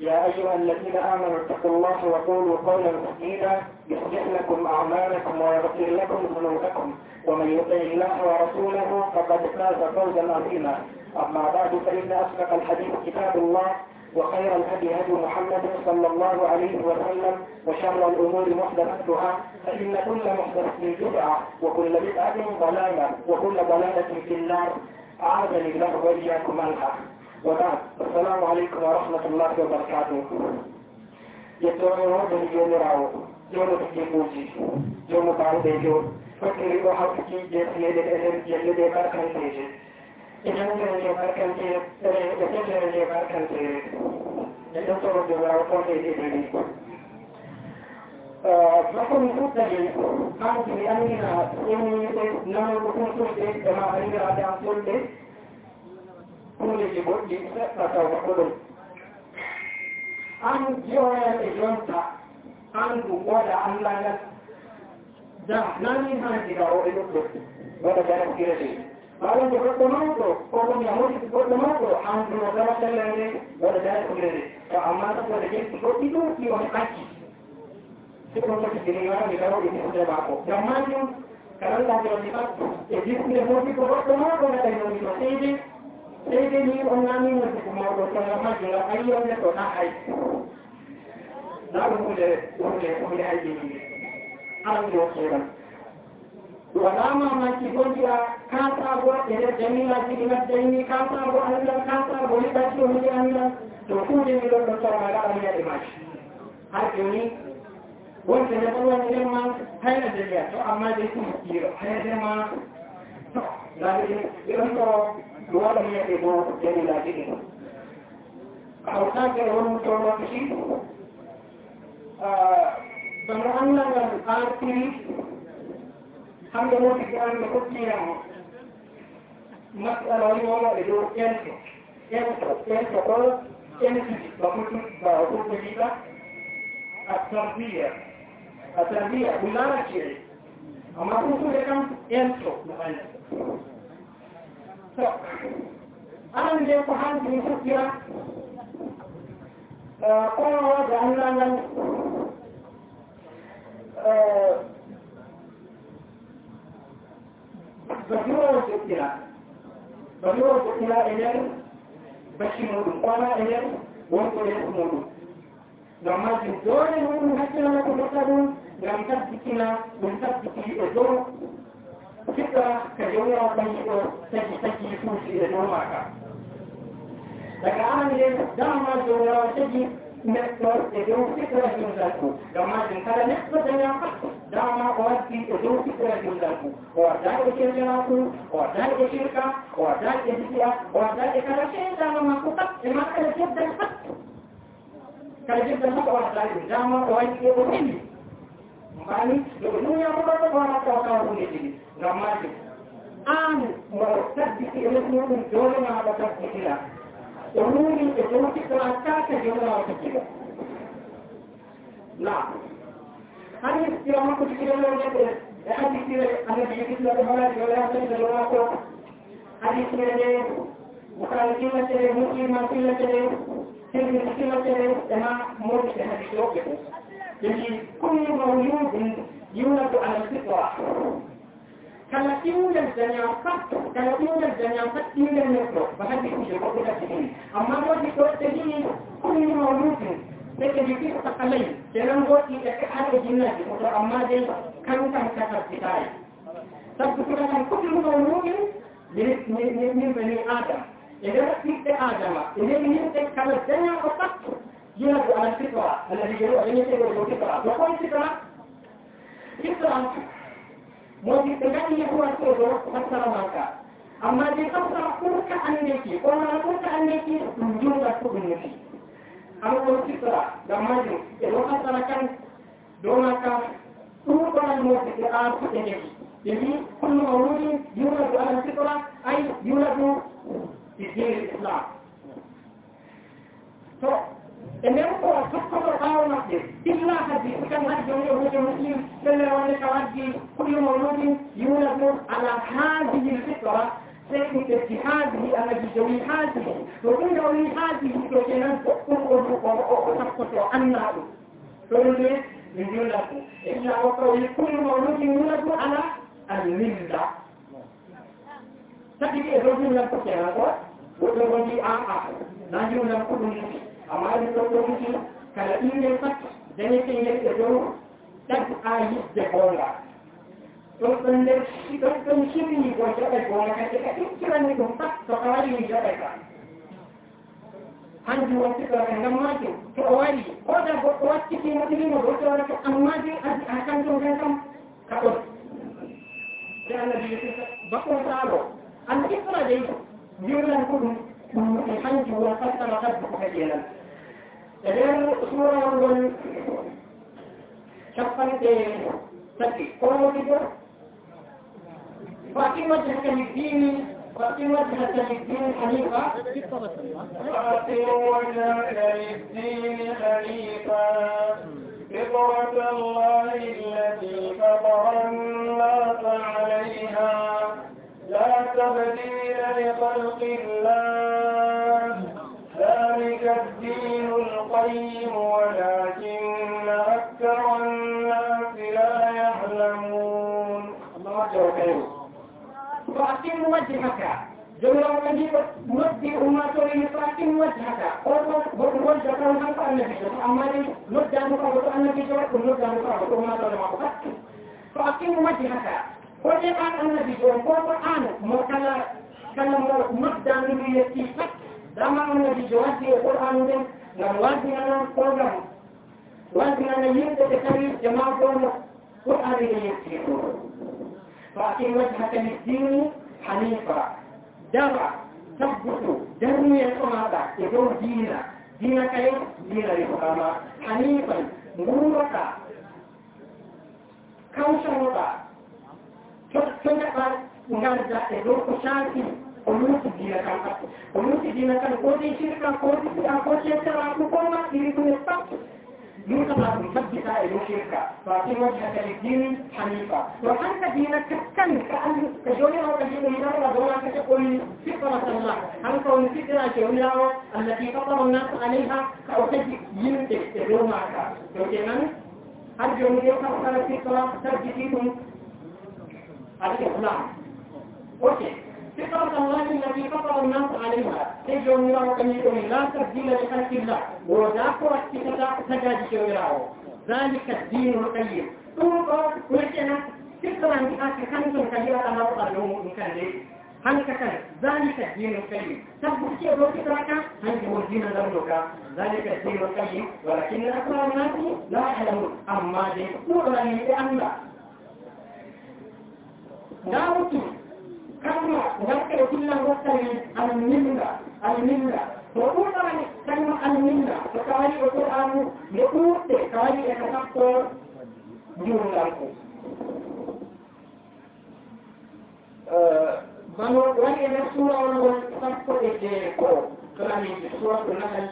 يا أيها الذين آمنوا اتقوا الله وقولوا قولا سديدا يصلح لكم أعمالكم ويغفر لكم ذنوبكم ومن يطع الله ورسوله فقد فاز فوزا عظيما أما بعد فإن أصدق الحديث كتاب الله وخير الهدي هدي محمد صلى الله عليه وسلم وشر الأمور محدثتها فإن كل من بدعة وكل بدعة ضلالة وكل ضلالة في النار أعاذني الله وإياكم عنها السلام علیکم و رحمت اللہ kúrò lè bó lè fẹ́ pàtà ọ̀pọ̀lọ̀. An jiwaya da yonta, an duwa da an lalar, da nani hana gida wa ilukku, wadda ganin gida ne. Bayan da kwakwa mako, ko wani amurci su kwakwa mako, an duwa gaba tallar ne, wadda ganin gida ne. To amma saboda yin su wani wani wani sai dai ni wannan min wata kuma wata ayi ai to na ai na rubu da wanda ya kuma da aiki ne an yi wasu ran wala mamaki ko jira ka sabo da jami'a cikin addini ka sabo Allah ka sabo ne ka ce wani Allah to ku ne ne don ma da Allah da mashi har ni wanda ya zama ne ma hayar da ya to amma dai kuma kira hayar da ma to na ne irin dolan a hausar da wani mutum wani shi a zama hannun da arti hannun a tarbiyya أنا من يقحان في سكرة قوة وجعلنا من بشيرة السكرة بشيرة السكرة إليه بشيرة قوة إليه وانتو يسمونه لما جدوني هم هكذا لكم وقالوا لم تبكي لم تبكي أزور kika ka yawon wani iko sai sai da noma ka daga anan ne dan ma da wani shi ne to da yau kika da kin da ku da ma din kala ne ko da ya ka da ma ko da kin da yau kika da kin da ku ko da ma ko da ka ko da ka da ka ko da ko da ka ko da جمعك أنا مرتبك إليه من دولنا على تبكيلا أموري إدوك تلاتاك جمعا تبكيلا لا هل يستيرون تبكيلا لو جدر أحد يستير أنا بيكت لبهارك ولا يحسن دلواكو هل يستيرين مخالفين تلي مسلمة تلي تلي مسلمة تلي أنا مرتبك هل يستيرون لكن كل موجود يولد على الفطرة Kalau imunan dan yang empat, karena imunan dan yang empat ini yang nekro, bahkan di sini, kalau kita sini. Amal wa di kuat segini, kuni mau lupin, mereka jadi tak kalah. Jangan buat ia kehal ke jinnah, untuk amal dan kandang kata kita. Tapi kita akan kuni mau lupin, jadi ini benih Adam. Jadi ada kita Adam, ini ini kalau dan yang empat, dia buat alat fitrah, alat fitrah, ini saya buat fitrah. Bukan fitrah, fitrah. wanda idan ya kuwa so da wasu maka amma dai fassara ko ka an yake ko na ko ka an yake mun da su bin nufi amma ko tsira da majin idan fassara kan dona ka tuba mu da a su da yake yabi kullu mawludin yuladu ala fitra ay yuladu bi islam to إنهم كفر قاوم إلا حديث كان هدي يهود مسلم فلا ولك ودي كل مولود يولد على هذه الفطرة سيكون اتحاده على جزوي هذه وكل جزوي هذه كجنان تقول أنه تقول من يولد إلا وقوي كل مولود يولد على الملة تجد الرجل لم تكن هذا والرجل آخر لا يولد كل مسلم amma da kwakwakwaki kada inda fat da ne kan yadda don ɗan yi da gora don ɗanɗan shi ɗanɗan ko wanda ɗan gora ka ce ka kira ne don fat ka kawai ne ya ka. an ji wasu ɗaukan nan makin ta wari ko da wasu cikin wasu ne ma wata wata amma dai a kan don kan ka ɗauki da annabi ya ce bakon tsaro an ƙi tsara dai biyu kudu menunjukkan bahwa kata-kata buku Jadi semua orang pun tadi. Kalau tidak, Bakti majlis kami dini, bakti majlis kami جملة نجيبة نبدي أمته لنفاق وجهك وجهك وجهك النبي أما نبدأ مقابلة النبي ونبدأ مقابلة أمته لمعبوك فأقيم وجهك وجهك النبي وقرآن مكلا كلام مبدأ من يتفك لما النبي وجه القرآن أن نوازنا القرآن وزننا يبدأ تكريم جماعة القرآن يتفك فأقيم وجهك للدين حنيفا daba tabbutu butu kuma da ido dina dina kai dina ne kuma hanifan murata kausan ba tun da ba ngar da ido kusanti olusu dina kan olusu dina kan ko dai shirka ko dai ko shirka ko kuma iri kuma يوجد مسبسة إلى شركة فأقيم وجهك للدين حنيفة وحتى دينك كتن كأن تجوني أو تجيب من الله دونك تقول فطرة الله هل كون فطرة الله التي فطر الناس عليها أو تجد دين تكتبه معك وكمان هل جوني يوقف على الفطرة تجد دين هذا الإسلام أوكي فطرة الله التي فطر الناس عليها تجو ميراو كميكم لا تبديل لخلق الله وذاكو اكتفتا تجاجي ميراو ذلك الدين القيم ثم قال ولكن فطرة نحاك خمسة كبيرة ما تطلع لهم مكان هل كان ذلك الدين القيم تبكي أبو فطرك هل هو الدين ذنبك ذلك الدين القيم ولكن أكثر الناس لا يعلمون أما دين نور لأن لا دعوتي كما وقت كله وقت الملة الملة وقول عن كلمة الملة فكاري وقول عنه يقول كاري يتفكر جملته بنو وين السورة والتفكر الجيكو كلام السورة النحل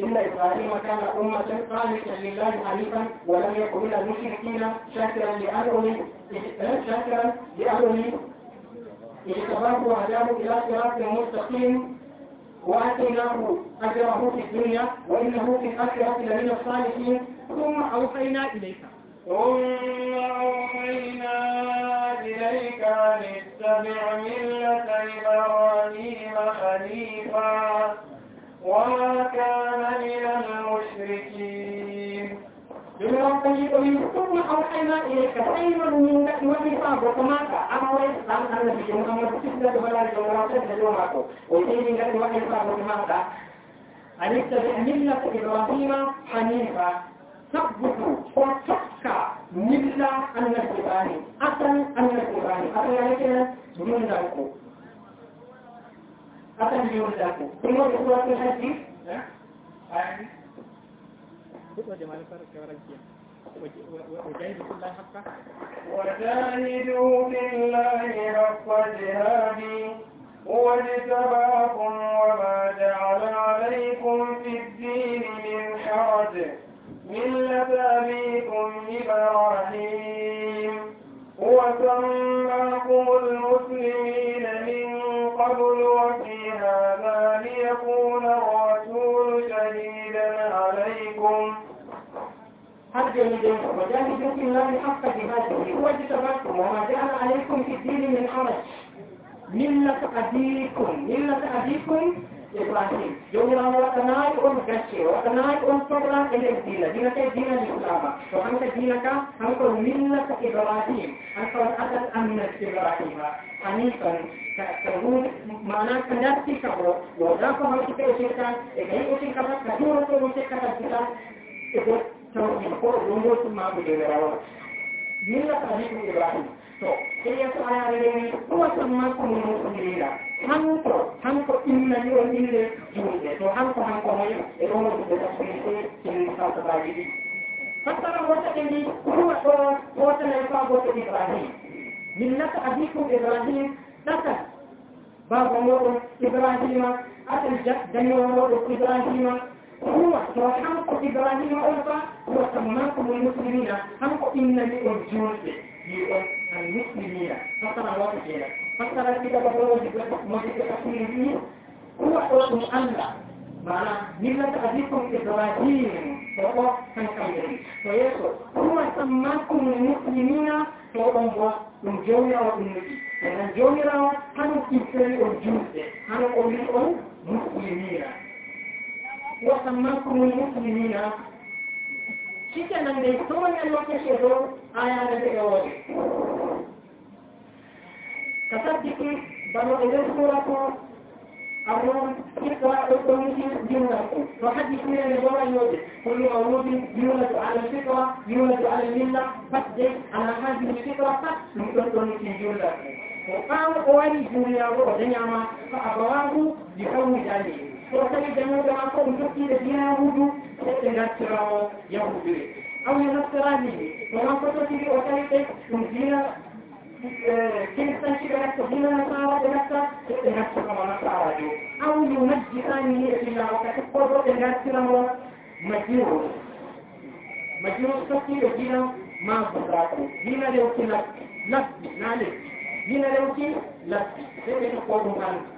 إن إبراهيم كان أمة قانتا لله حنيفا ولم يكن من المشركين شاكرا لأهله شاكرا لأهله اجتباه وهداه إلى صراط مستقيم وآتيناه أجره في الدنيا وإنه في الآخرة لمن الصالحين ثم أوحينا إليك ثم أوحينا إليك أن اتبع ملة إبراهيم حنيفا وما كان من المشركين Menerangkan itu menyebutnya Al-Qa'na ini Kesayi meminta dua kita berkemaka Apa yang selalu anda bikin Mengamal putih sudah dua lari Yang merasa sudah dua waktu Oleh ini tidak dua kita berkemaka Alif tadi amilla ke Ibrahim Hanifa Sabbutu Kocokka Nibla anna kibani Atan anna kibani Apa yang ya. ini kira? Bumundaku Atan bumundaku Tengok itu waktu hadis Ya Ayah وجاهدوا في الله حقا وجاهدوا في الله حق جهادي هو اجتباكم وما جعل عليكم في الدين من حرج ملة أبيكم إبراهيم هو سماكم المسلمين من قبل وفي هذا ليكون الرسول شهيدا عليكم حد يجاهد وجاهدوا في الله حق جهاده هو اجتباكم وما جعل عليكم في الدين من حرج ملة أبيكم ملة أبيكم إبراهيم يوم وقناي أم كشي وقناي أم صبرا إلى الدين دينك دين الإسلام وأنت دينك أنت ملة إبراهيم أنت أتت أمن إبراهيم حنيفا تكون معناه كنفسي كبر وذاك هو كتير شركة إذا هي شركة كثيرة وشركة كثيرة to ko rumo su ma mu da rawa milla kalibu ibrahim to sai ya tsara da ne kuma sannan kuma mu su ne da hanko hanko inna ni wa inna jude to hanko hanko mai rumo su da su ne sai sa ta ba fasara wata kindi kuma ko wata ne fa wata ibrahim millata abikum ibrahim dakan babu mu ibrahim atal jaddan wa mu ibrahim huwa tuhamko ibrahim ufa huwa tamamu muslimina hamko inna li ujuzi yuwa muslimina fatara watu jela fatara kita kabro mwati kakasini hii huwa otu anda maana nila tajiku ibrahim toko kankamiri kwa yeso ya, huwa tamamu muslimina toko mwa mjoni wa umuji na mjoni rawa hamu kifeli ujuzi hamu kumiko muslimina وسماكم المسلمين shikenan dai tun wannan lokaci zo aya da daga wani kasaddiki bano idan suratu الروم فكرة أولوجي يولد وحدث من الجوع يولد كل أولوجي يولد على الفكرة يولد على الملة فقد على هذه الفكرة فقد أولوجي يولد وقال أولي جوليا روح دنيا فأبواه يحوج عليه وخرجه وعقب فقيل يا هدو فتنكر يهود أو ينصرانه ونصرت بأطريقه تنزيل آه، كنسا شبه تنزيل نصارى بنفسه فتنكر ونصارى أو ينجسانه إلى وقت القرب تنكر مجيوس مجيوس فقيل جينا ما بطراته جينا لو كنت لفت نالك جينا لو كنت لفت سيدنا قوم عنه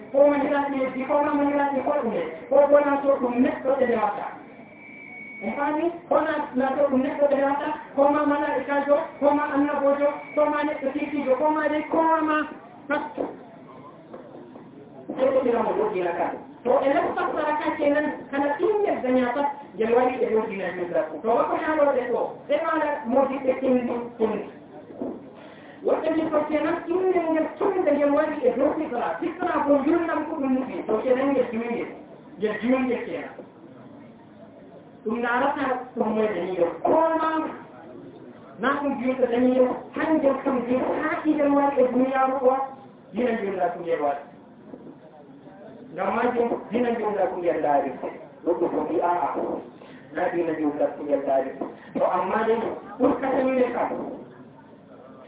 ko wani zasu ne ji ko wani wani zasu ko kunne ko na so kunne ko da wata Mfani, kona na to kunne ko da wata ko ma mana ikajo ko ma annabojo ko ma ne tsiki ko ma dai ko ma ko to idan ka kenan kana tinya zanya ta jalwali da gogi na ne ko ko ya ro da ko sai ma mu ji tsakin din waɗanda kwakwanan sun tun da yawon ke zo fitara fitara ko yiun nan kudin nufi kwakwanan ya juyin ya ya juyin ya ke tun na rasa kuma da ni da koma na kun biyu da ni yau kan biyu ta idan wani da duniya ruwa yinan yiun da kun yarwa gama jin yinan yiun da kun yarda ne wato ko a'a na bi na da kun yarda to amma dai kun kasance ne ka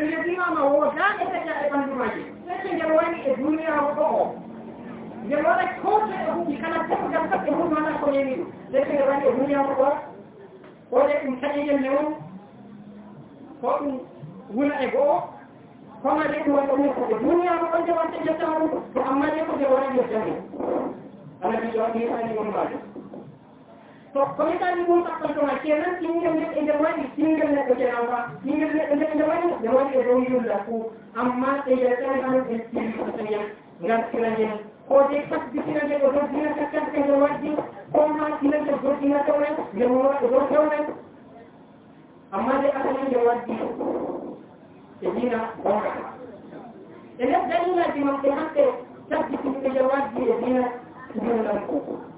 Perché prima ma ho già che perché è quando mai. Perché gli uomini e Sok komentar ni pun tak tentu lah. Kira tinggal dia kerja mana, tinggal dia kerja apa, tinggal dia kerja kerja mana, dia mana kerja ni lah. dulu aku. Amma saya kerja kan esok ni katanya, ngan kira ni. Kau dek pas di sini dia kerja di mana kerja kerja mana dia, kau mana kira dia kerja di mana kerja, dia mana kerja kerja mana. Amma dia katanya dia kerja di sini, jadi nak orang. Jadi dah ni lah di mana kerja, tak di sini kerja di sini, dia mana kerja.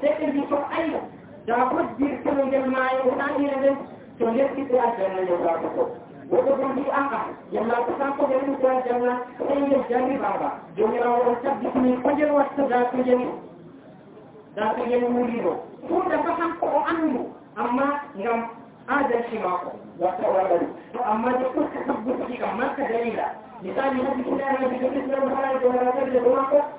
sai ji ko ayyo da ko dir ko jama'a ko an yi nan to ne ki ta da ne ba ko wato kun bi an ka yamma ko san ko gari ko janna sai ne jami baba jami'a wa tabbi ni ko je wa da ko je ni da ko je ni muri do ko da fa san ko an mu amma ngam adalci ma ko wato wala to amma da ko ka tabbuci kamar ka dalila misali na bi kina na bi kina na halal da wala da wala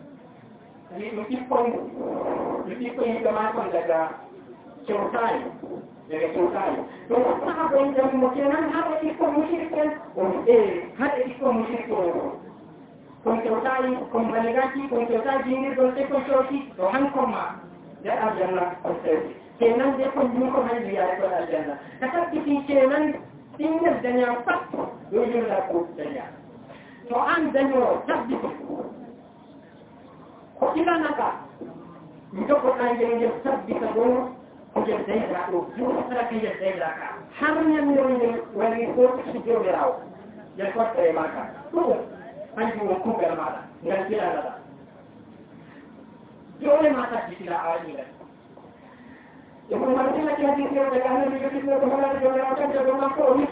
نفيقهم نفيقهم كما قال لك سلطان daga sun kayo don wasu haɓon da mutum nan haɓa ikon mushirkin eh haɗa ikon mushirkin kun kyautari kun balagaki kun kyauta jini don sai kun shauki to han kuma da aljanna kun sai kenan dai kun yi kun hanji ya yi aljanna da karkifin kenan in yadda ya fasu yau yin lafi danya to an danyo tabbifin kila naka mtoko kanjenge sabbi ka go kuje zaidra ko juu sara kanje zaidra ka har nya mi ronde wali ko su jo mirawo ya ko tere maka ko anji wo ku ga mala ngal kila naka jo le maka kila ali la يقول ما تلا كي هذه كيو ده أنا بيجي كيو ده هذا جو ده أكتر جو ما كو أمي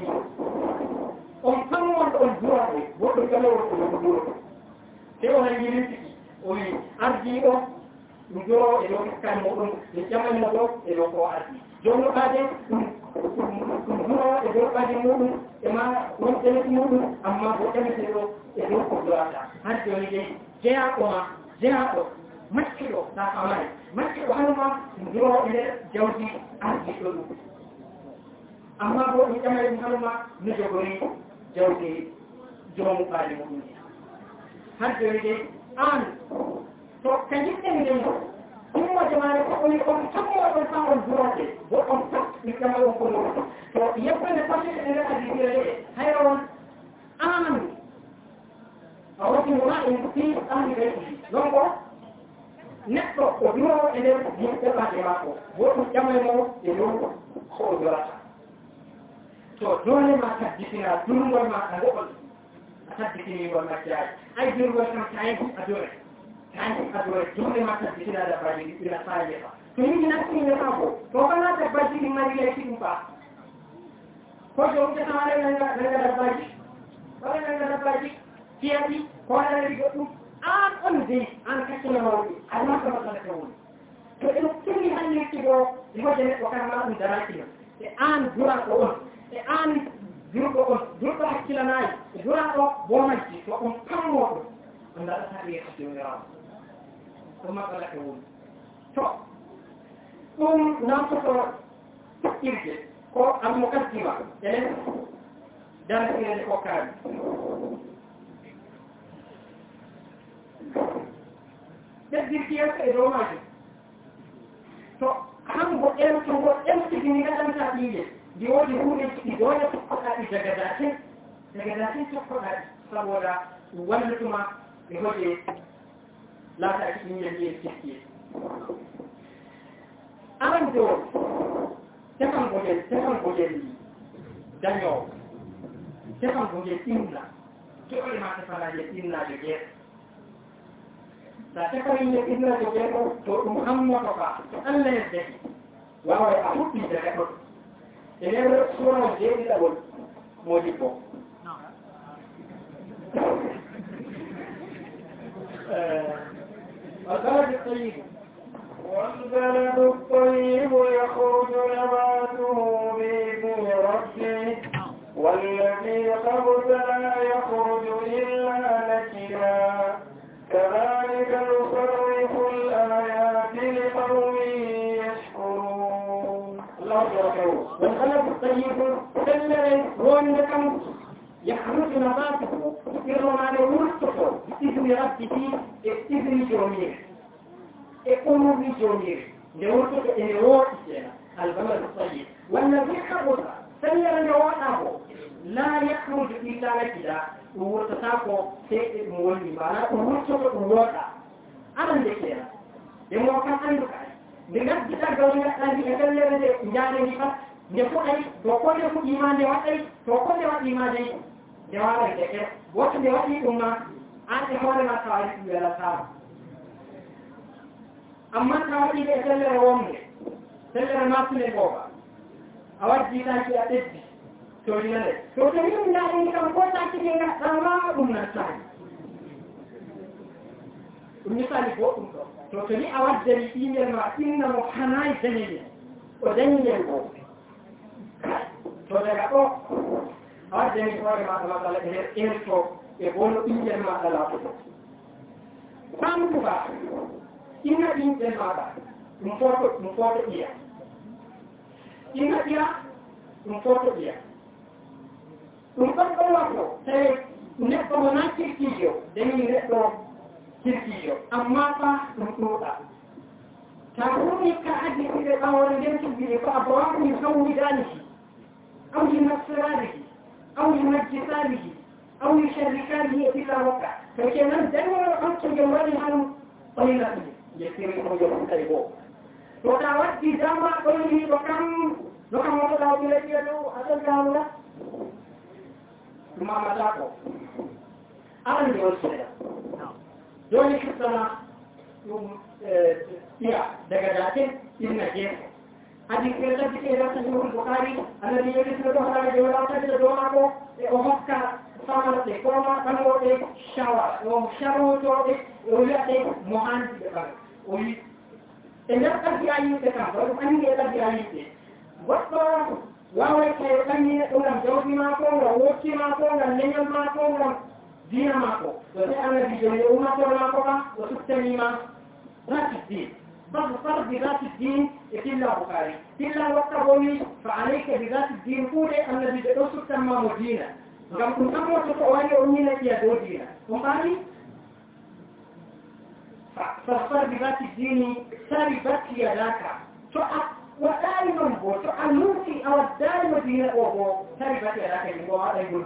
أم كم وان أم جوا ده بقول كلام وان أم جوا كيو هاي يلي omi ardi oh. o ndoro eno kanmo ɗum mi ƴamanmo oh. ɗo eno ko oh. ardi joni no kaaje ɗum nduro e dow kaaje muɗum ema won ɗeleti muɗum amma bo ɗelete ɗo e dow ko durata har joni jeyi jeya oma jeya ɗo macciɗo sa amani macciɗo hanuma nduro e nder jawdi ardi ɗo amma bo mi ƴamay ɗum hanuma no jogori jawdi joomu kaaje muɗum har joni jeyi an to kan yitten ni ma jamaare ko ni on tammo on ta on durate bo on ta ni kama on ko to yebbe ne pashe ne ne adi dire hayro on an awati ma in ti an dire longo neɗɗo o durowo e nder yimɓeɓaɗe yi woɗum ƴamay mo e lowgo ko o dorata to doole ma tabbitina durgol ma ka ngoɓol أنا أصدقني أنا أجر والمكياج أدورك يعني أدورك جملة ما تصدقين هذا برجل إلى أنا فمن نفسي نفسه وقال هذا برجل ما يأتيكم فا فجأة وجدت أنا هذا البرجل وقال هذا البرجل سياسي وقال هذا البرجل آن أمزي أنا كتنا مولي على ما كما تنكرون فإن كل هل يكتبوا لوجه أنا ما أمزي راكيا الآن دورك وأمزي الآن durɗo on durɗo hakkilanayi duraɗo bonajji ko on tammoɗo o daɗata ɗe yeeso jomirawo ko masalake woni to ɗum namtoto toɓɓirde ko almukaddima enen dantirede ko kaari ɓeddirki yeeso e dow majum to hango en to ngo en sigini ci ɗiɗe يواجهون إدارة القرآن جگداتين جگداتين في القرآن صورة ولكما يواجه لا تأكيد يجي التحكير أمن دور تكن بوجل تكن بوجل دانيو تكن بوجل إملا كيف ما تفعل يتملا جير da ta kawai ya ina da gero to muhammadu ba allah ya zai wawa ya hudu da gaba Remember Surah Jain is about Modibo. No. البلد الطيب والبلد الطيب يخرج نباته بإذن ربه والذي خبث لا يخرج إلا نكدا كذلك نصرف وبركاته والقلب الطيب سلم وندكم يخرج نباته يرون على ورثه إذن ربه إذن جميع إقوم بجميع لورثه إن ورثه القلب الطيب والذي خرج سلم نواته لا يخرج إلا نكدا ورثه سيء مولي معناه ورثه ورثه أنا ذكرها يمكن أن يكون dengan kita gauna ɗari a kan lera da yare ni ba da kuɗai da iman da waɗai to kone iman da da wa da ke wata da waɗi kuma an ta hore ma ta wani tuya la amma ta waɗi da kan lera wani kan lera ma su ne a wajen ta ce a ɗabbi to ne to da yin da ko misali ko ɗum ɗo to so ni a waddani ɓingel ma inna mo hanayi dañel o dañingel o to daga ɗo a waddani hoore maɗa matsala e nder erto e bono ɓingel maɗa laaɓuɗo ɓanduɓa inna ɓingel maɗa ɗum foto ɗum foto ƴiya inna ƴiya ɗum foto ƴiya ɗum ɗon ɗon watto tawi neɗɗo mo na dañi neɗɗo sikio amapa mtoa kauni kaadi ile bawari yetu bila kwa hapo wangu ni kama unidani au ni masirani au ni majitani au ni shirikani ya bila waka kwa nani ndio mtu jamani hapo pale ndani yetu ni mmoja mtu alipo Toda wati jama kwa ni wakam Nuka mwoto na wabile kia tu Adel ka wala Mama tako Ani yosera Nao dole shi zama iya daga datin yin najeriya هذه كلها بكيرات الإمام البخاري الذي يجلس له على جوالات الدوامة ومسكة صامت لكوما أنه إيه؟ شاور ومشاره توقف ويأتي مهان بكبر إذا قد يأيي تكبر وأن يأتي يأيي وطبعا وأولك يأتي أولا جوزي ما كون ووكي ما كون لنين ما كون دين معكم وتأمن بجميع أمكم معكم وتستميما ذات الدين ضد فرض بذات الدين إلا بخاري إلا وقبوي فعليك بذات الدين قولي أن بدأوس تمام دينا كم كنت تقواني أمينا يا دودينا وقالي فاغفر بذات الدين سربت يداك ودائما بو تعلمتي أو الدائم دين أو بو سربت يداك اللي يعني هو هذا يقول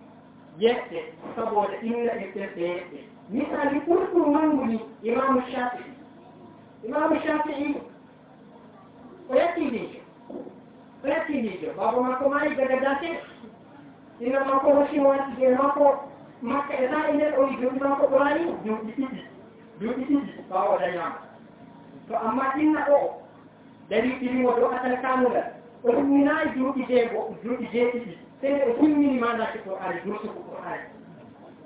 yake saboda inda yake da yake misali kurkun mamuni Imam Syafi'i, imamu shafi'i ya tilije ya tilije babu mako mai daga dace ina mako shi ma ke mako maka ina ina o yi duk mako qurani ini, tilije duk tilije bawo da yamma to amma inna o dari tilin wato akan kamu kamula Orang oh, minai duk tilije go duk ini. tilije sai o kunni ma na ce ko ari القرآن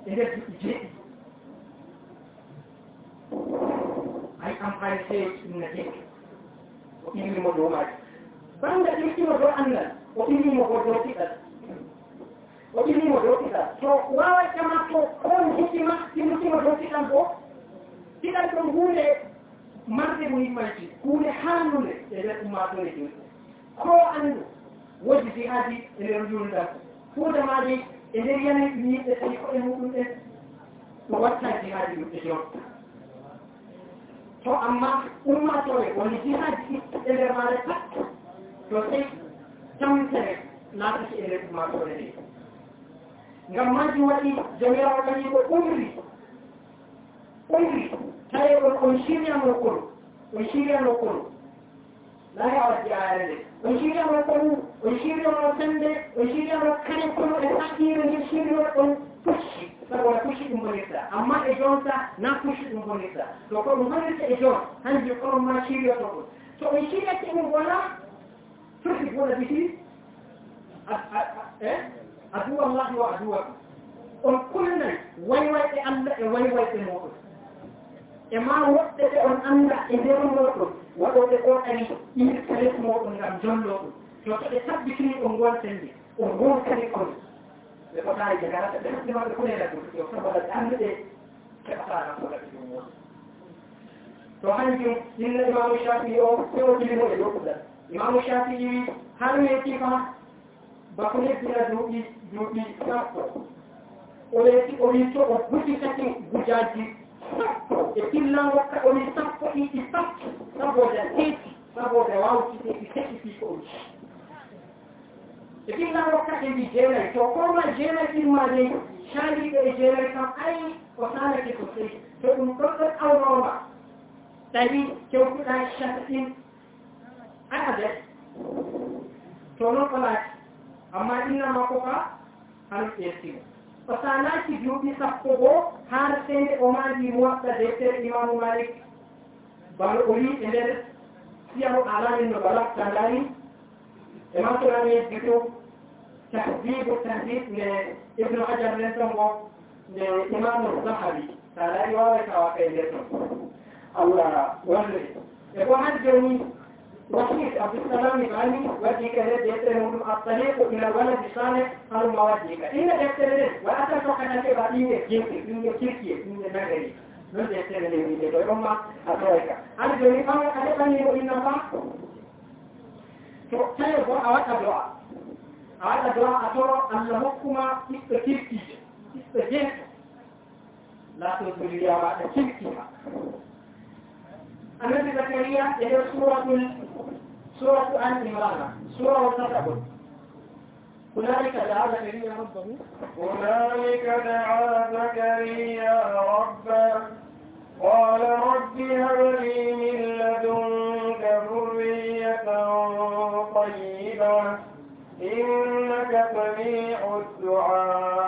إذا جئت أي أمقان شيء من نجيك وإني مدهومات بان da ɗin kima zuwa annan wa ilmi mahorotita wa ilmi mahorotita to wawa kama to kon hikima ilmi kima mahorotita ko kita kon hune marde muhimmanci hune hannu ne da kuma to ne ko annu wajibati hadi ne rujun da ko da ma dai idan yanayin yi da sai kuɗin mutum ba wata jihadi mutum yau to amma in ma kawai wani jihadi ɗaga ma ta to sai tamtare na ta shi irin ma kawai ne gamma ji wani ko umri umri ta yi wa kunshiriya mai kuru kunshiriya لا يعرف بعالمه ويشير يوم القبور ويشير يوم الزند ويشير يوم الكلم كله الحقير ويشير يوم تشي فهو تشي المونيسا أما إجونسا نا تشي المونيسا لو كل مونيسا إجون هنجي قرم ما شير يطلقون تو ويشير يتعلم ولا تحب ولا بشير عدو الله وعدوكم on kulnan waiwaiɓe allah e waiwaiɓe moɗon e ma woɗɗe ɓe on annda e nder moɗon waɗoɓe kokari yin kare moɗon ngam jollo ɗum joto ɓe tabbitini on gontande on gontani on ɓe fotani jagarata ɓe haɓɓi maɓe kunela ɗum yo saboda ɓe annduɓe keɓatana koɗa ɓe ɗum woni to hanjum inna imamu shafii o se o dilimo e dow ɗuɗal imamu shafii wi har weeti fa bako hebbina duuɓi duuɓi sappo o weeti o wi to o guti tati gujaji sakko da killan wata wani sakko iti sakko saboda teki saboda wauki teki teki fi ko uci da killan wata ɗin jenar to kuma jenar ɗin ma dai shari da jenar kan ai wata na ke sosai to in ɗaukar aurora ɗari kyaukuɗa shaɗin ana da to nan kuma amma ina makoka an ƙirƙirar فسالات جوبي سبقو هر سنة عمر دي موقت دكتور إمام مالك بل أولي إلر سيامو علام النبلاء تنلاني إمام سلامي يجدو تحذيب التهذيب لابن حجر لسم لإمام الزهري تنلاني وابك وابك لسم الله وحده يقول حد جميل وكيف أبسنا لم يعلم وجهك الذي يتهم الطريق إلى الولد صالح أو مواجهك إن يتهم وأتى فقنا في بعضين جنسي من تركيا من المغرب من يتهم من يدعو أمة أطريقة أرجو من أمر ألقني إن الله تعترف أوقع دعاء أوقع دعاء أترى أن لهكما استكيكي استجنت لا تنسوا لي بعد تركيا النبي زكريا هي سورة سورة آل عمران سورة وتكبر هنالك دعا زكريا ربه هنالك دعا زكريا ربه قال رب هب لي من لدنك ذرية طيبة إنك سميع الدعاء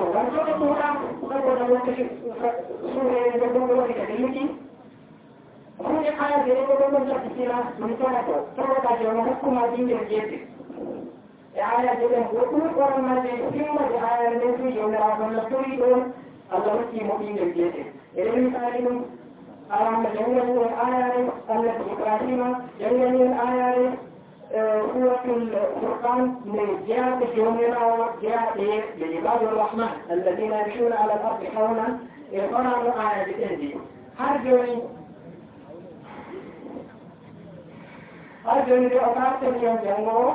sauran su da tura saboda lokacin su ne da gungun da da yake kun yi kaya da ko gungun da fitila mun tana to saboda da wani hukuma dingin gefe da aya da yake gungun tsoron mazai sun ma da aya da su yau da abin da turi don a zarki mu dingin gefe idan misalin a ranar da yau aya Allah da Ibrahim yau da yau aya سورة الفرقان جهة بحيومنا وجهة لعباد الرحمن الذين يمشون على الأرض حولا يقرأوا آية الإنجيل هرجوني هرجوني بأوقات اليوم جنبه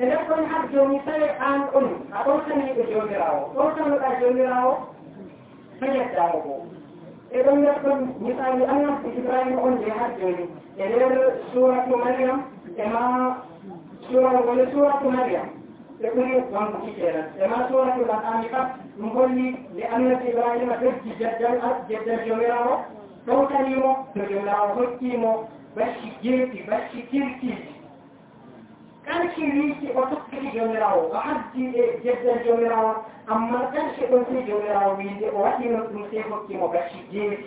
إليكم هرجوني سيئان أم أتوصني بجوني راو أتوصني بجوني راو فجدتاوه إذن يكون مثال في إبراهيم أمي هرجوني إليه سورة مريم كما سورة سوره مريم يقول وان كثيرا كما سورة الأنعام نقول لأن إبراهيم تجد جدا جدا جميرا توتنيمو تجمعه هكيمو بشي جيرتي بشي كيرتي كان شريكي وتقتل جميراو وحد جدا جميراو أما كان شيء جميراو ويدي وحدي نتمسيه هكيمو بشي جيرتي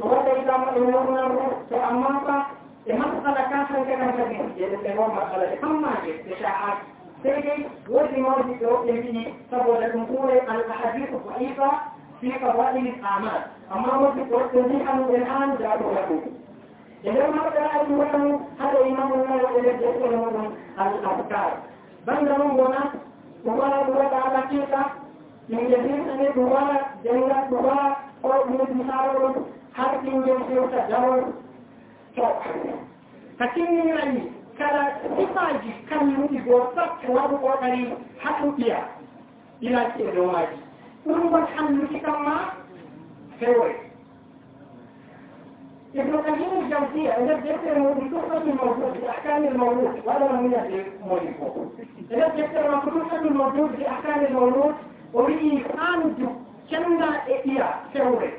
wanda ya samu ɗin wannan to amma ba da matsala ka san kana da ya da sai wannan matsala da kan maje da sha'a sai dai wani mawdi da wani ne saboda mun kore al-ahadith da'ifa fi qawaid al-amal amma wani ko da ni an da an da ko idan matsala ai wannan hada imamu na da da wannan al-afkar banda mun gona kuma da Allah ke ka من جديد أن يدوار جنة دوار أو من مسارة har ɓingel fewta lawol to hakinni ayi kala sifaji kammuɗi goo pat waɗugo ɗari haɗuɗiya ila ceeɗo waaji ɓurgol hannuki kam ma fewoy ابن قيم الجوزية إذا ذكر بتحفة الموجود بأحكام المولود ولا نمونة لمولده إذا ذكر بتحفة الموجود بأحكام المولود أريد أن كنا إياه سوري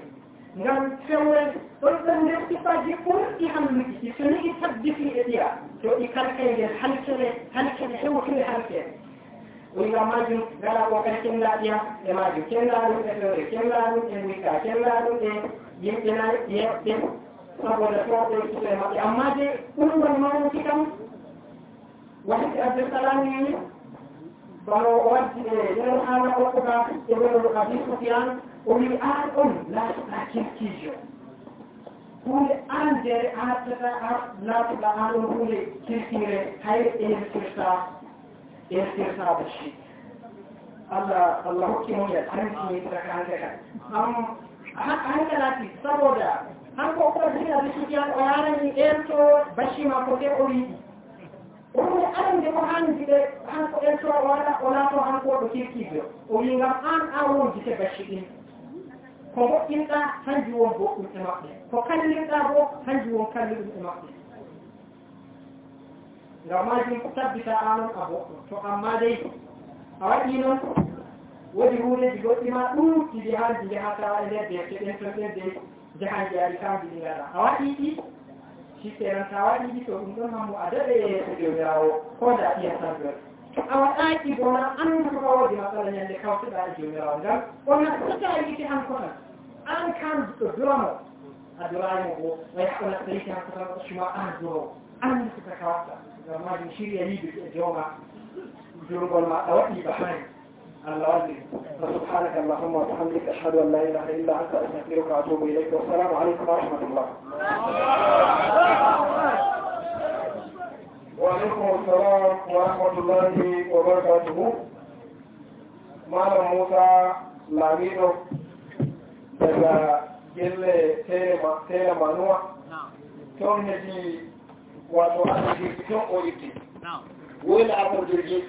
ngam fewren ɗon ɗonde sifaji ɓurɗi annuɗi so nigi tabbiti e ɗiya yo ɗi kalkele halkele halkele hewtire halkele wiga majum ngala o kadi kenlaɗiya e majum kenlaɗum e fewre kenlaɗum e wikka kenlaɗum e yimɓe nayi yeɓɓe saboda fewɓe suɓe maɓɓe amma de ɓurgol mawnuki kam wahid abdulsalam yini bano o waddi e ɗen haala okkuba e ɓeɗo abi soufiane o wi an on laatoɗa circision hunde an ndere aata laatoɗa an on hunde circire hayr intirta intirta de chi allah allah hokkimo ya arentimitrakaankaka am hankalati saboda hanko okadina de sukian o yarani en to bacima ko nde o wiɗi ohunde arande o hanndiɗe hanko en to o wara o laato hanko oɗo kirkijo o wi ngam an a wondite bacci ɗin ko woɗɗin ɗa hanjum won boɗɗum e maɓɓe ko kallirɗa bo hanjum won kalliɗum e maɓɓe ngam majum ko tabbita anon a boɗɗo to amma dey a waɗi noon woodi hundeji goɗɗima ɗuɗɗi ɗi hanji jahata e nder deete ɗen ton ɗen dey jahanji ari kanji ɗi ngaɗa a waɗi ɗi sikke tan sa waɗi ɗi to ɗum ɗon hammo a daɗe yeeso jomirawo ko da ɗiyan tan ɗon to a waɗaki bona anndu ko woodi matsala ñande kawtoɗa e jomirawo ngam ona fota yite han ko tan أنا كان درامو أدرايمو ويحصل التاريخ عن كثرة الشماء أنا درامو أنا من كثرة كواسة درامو يشير يلي بجوما جروب الماء أوحي بحرين اللهم سبحانك اللهم وبحمدك أشهد أن لا إله إلا أنت أستغفرك وأتوب إليك والسلام عليكم ورحمة الله. وعليكم السلام ورحمة الله وبركاته. مالا موسى لاميرو daga gelle tela manuwa ton ne ji wato ana jirgin oriki wani abin jirgin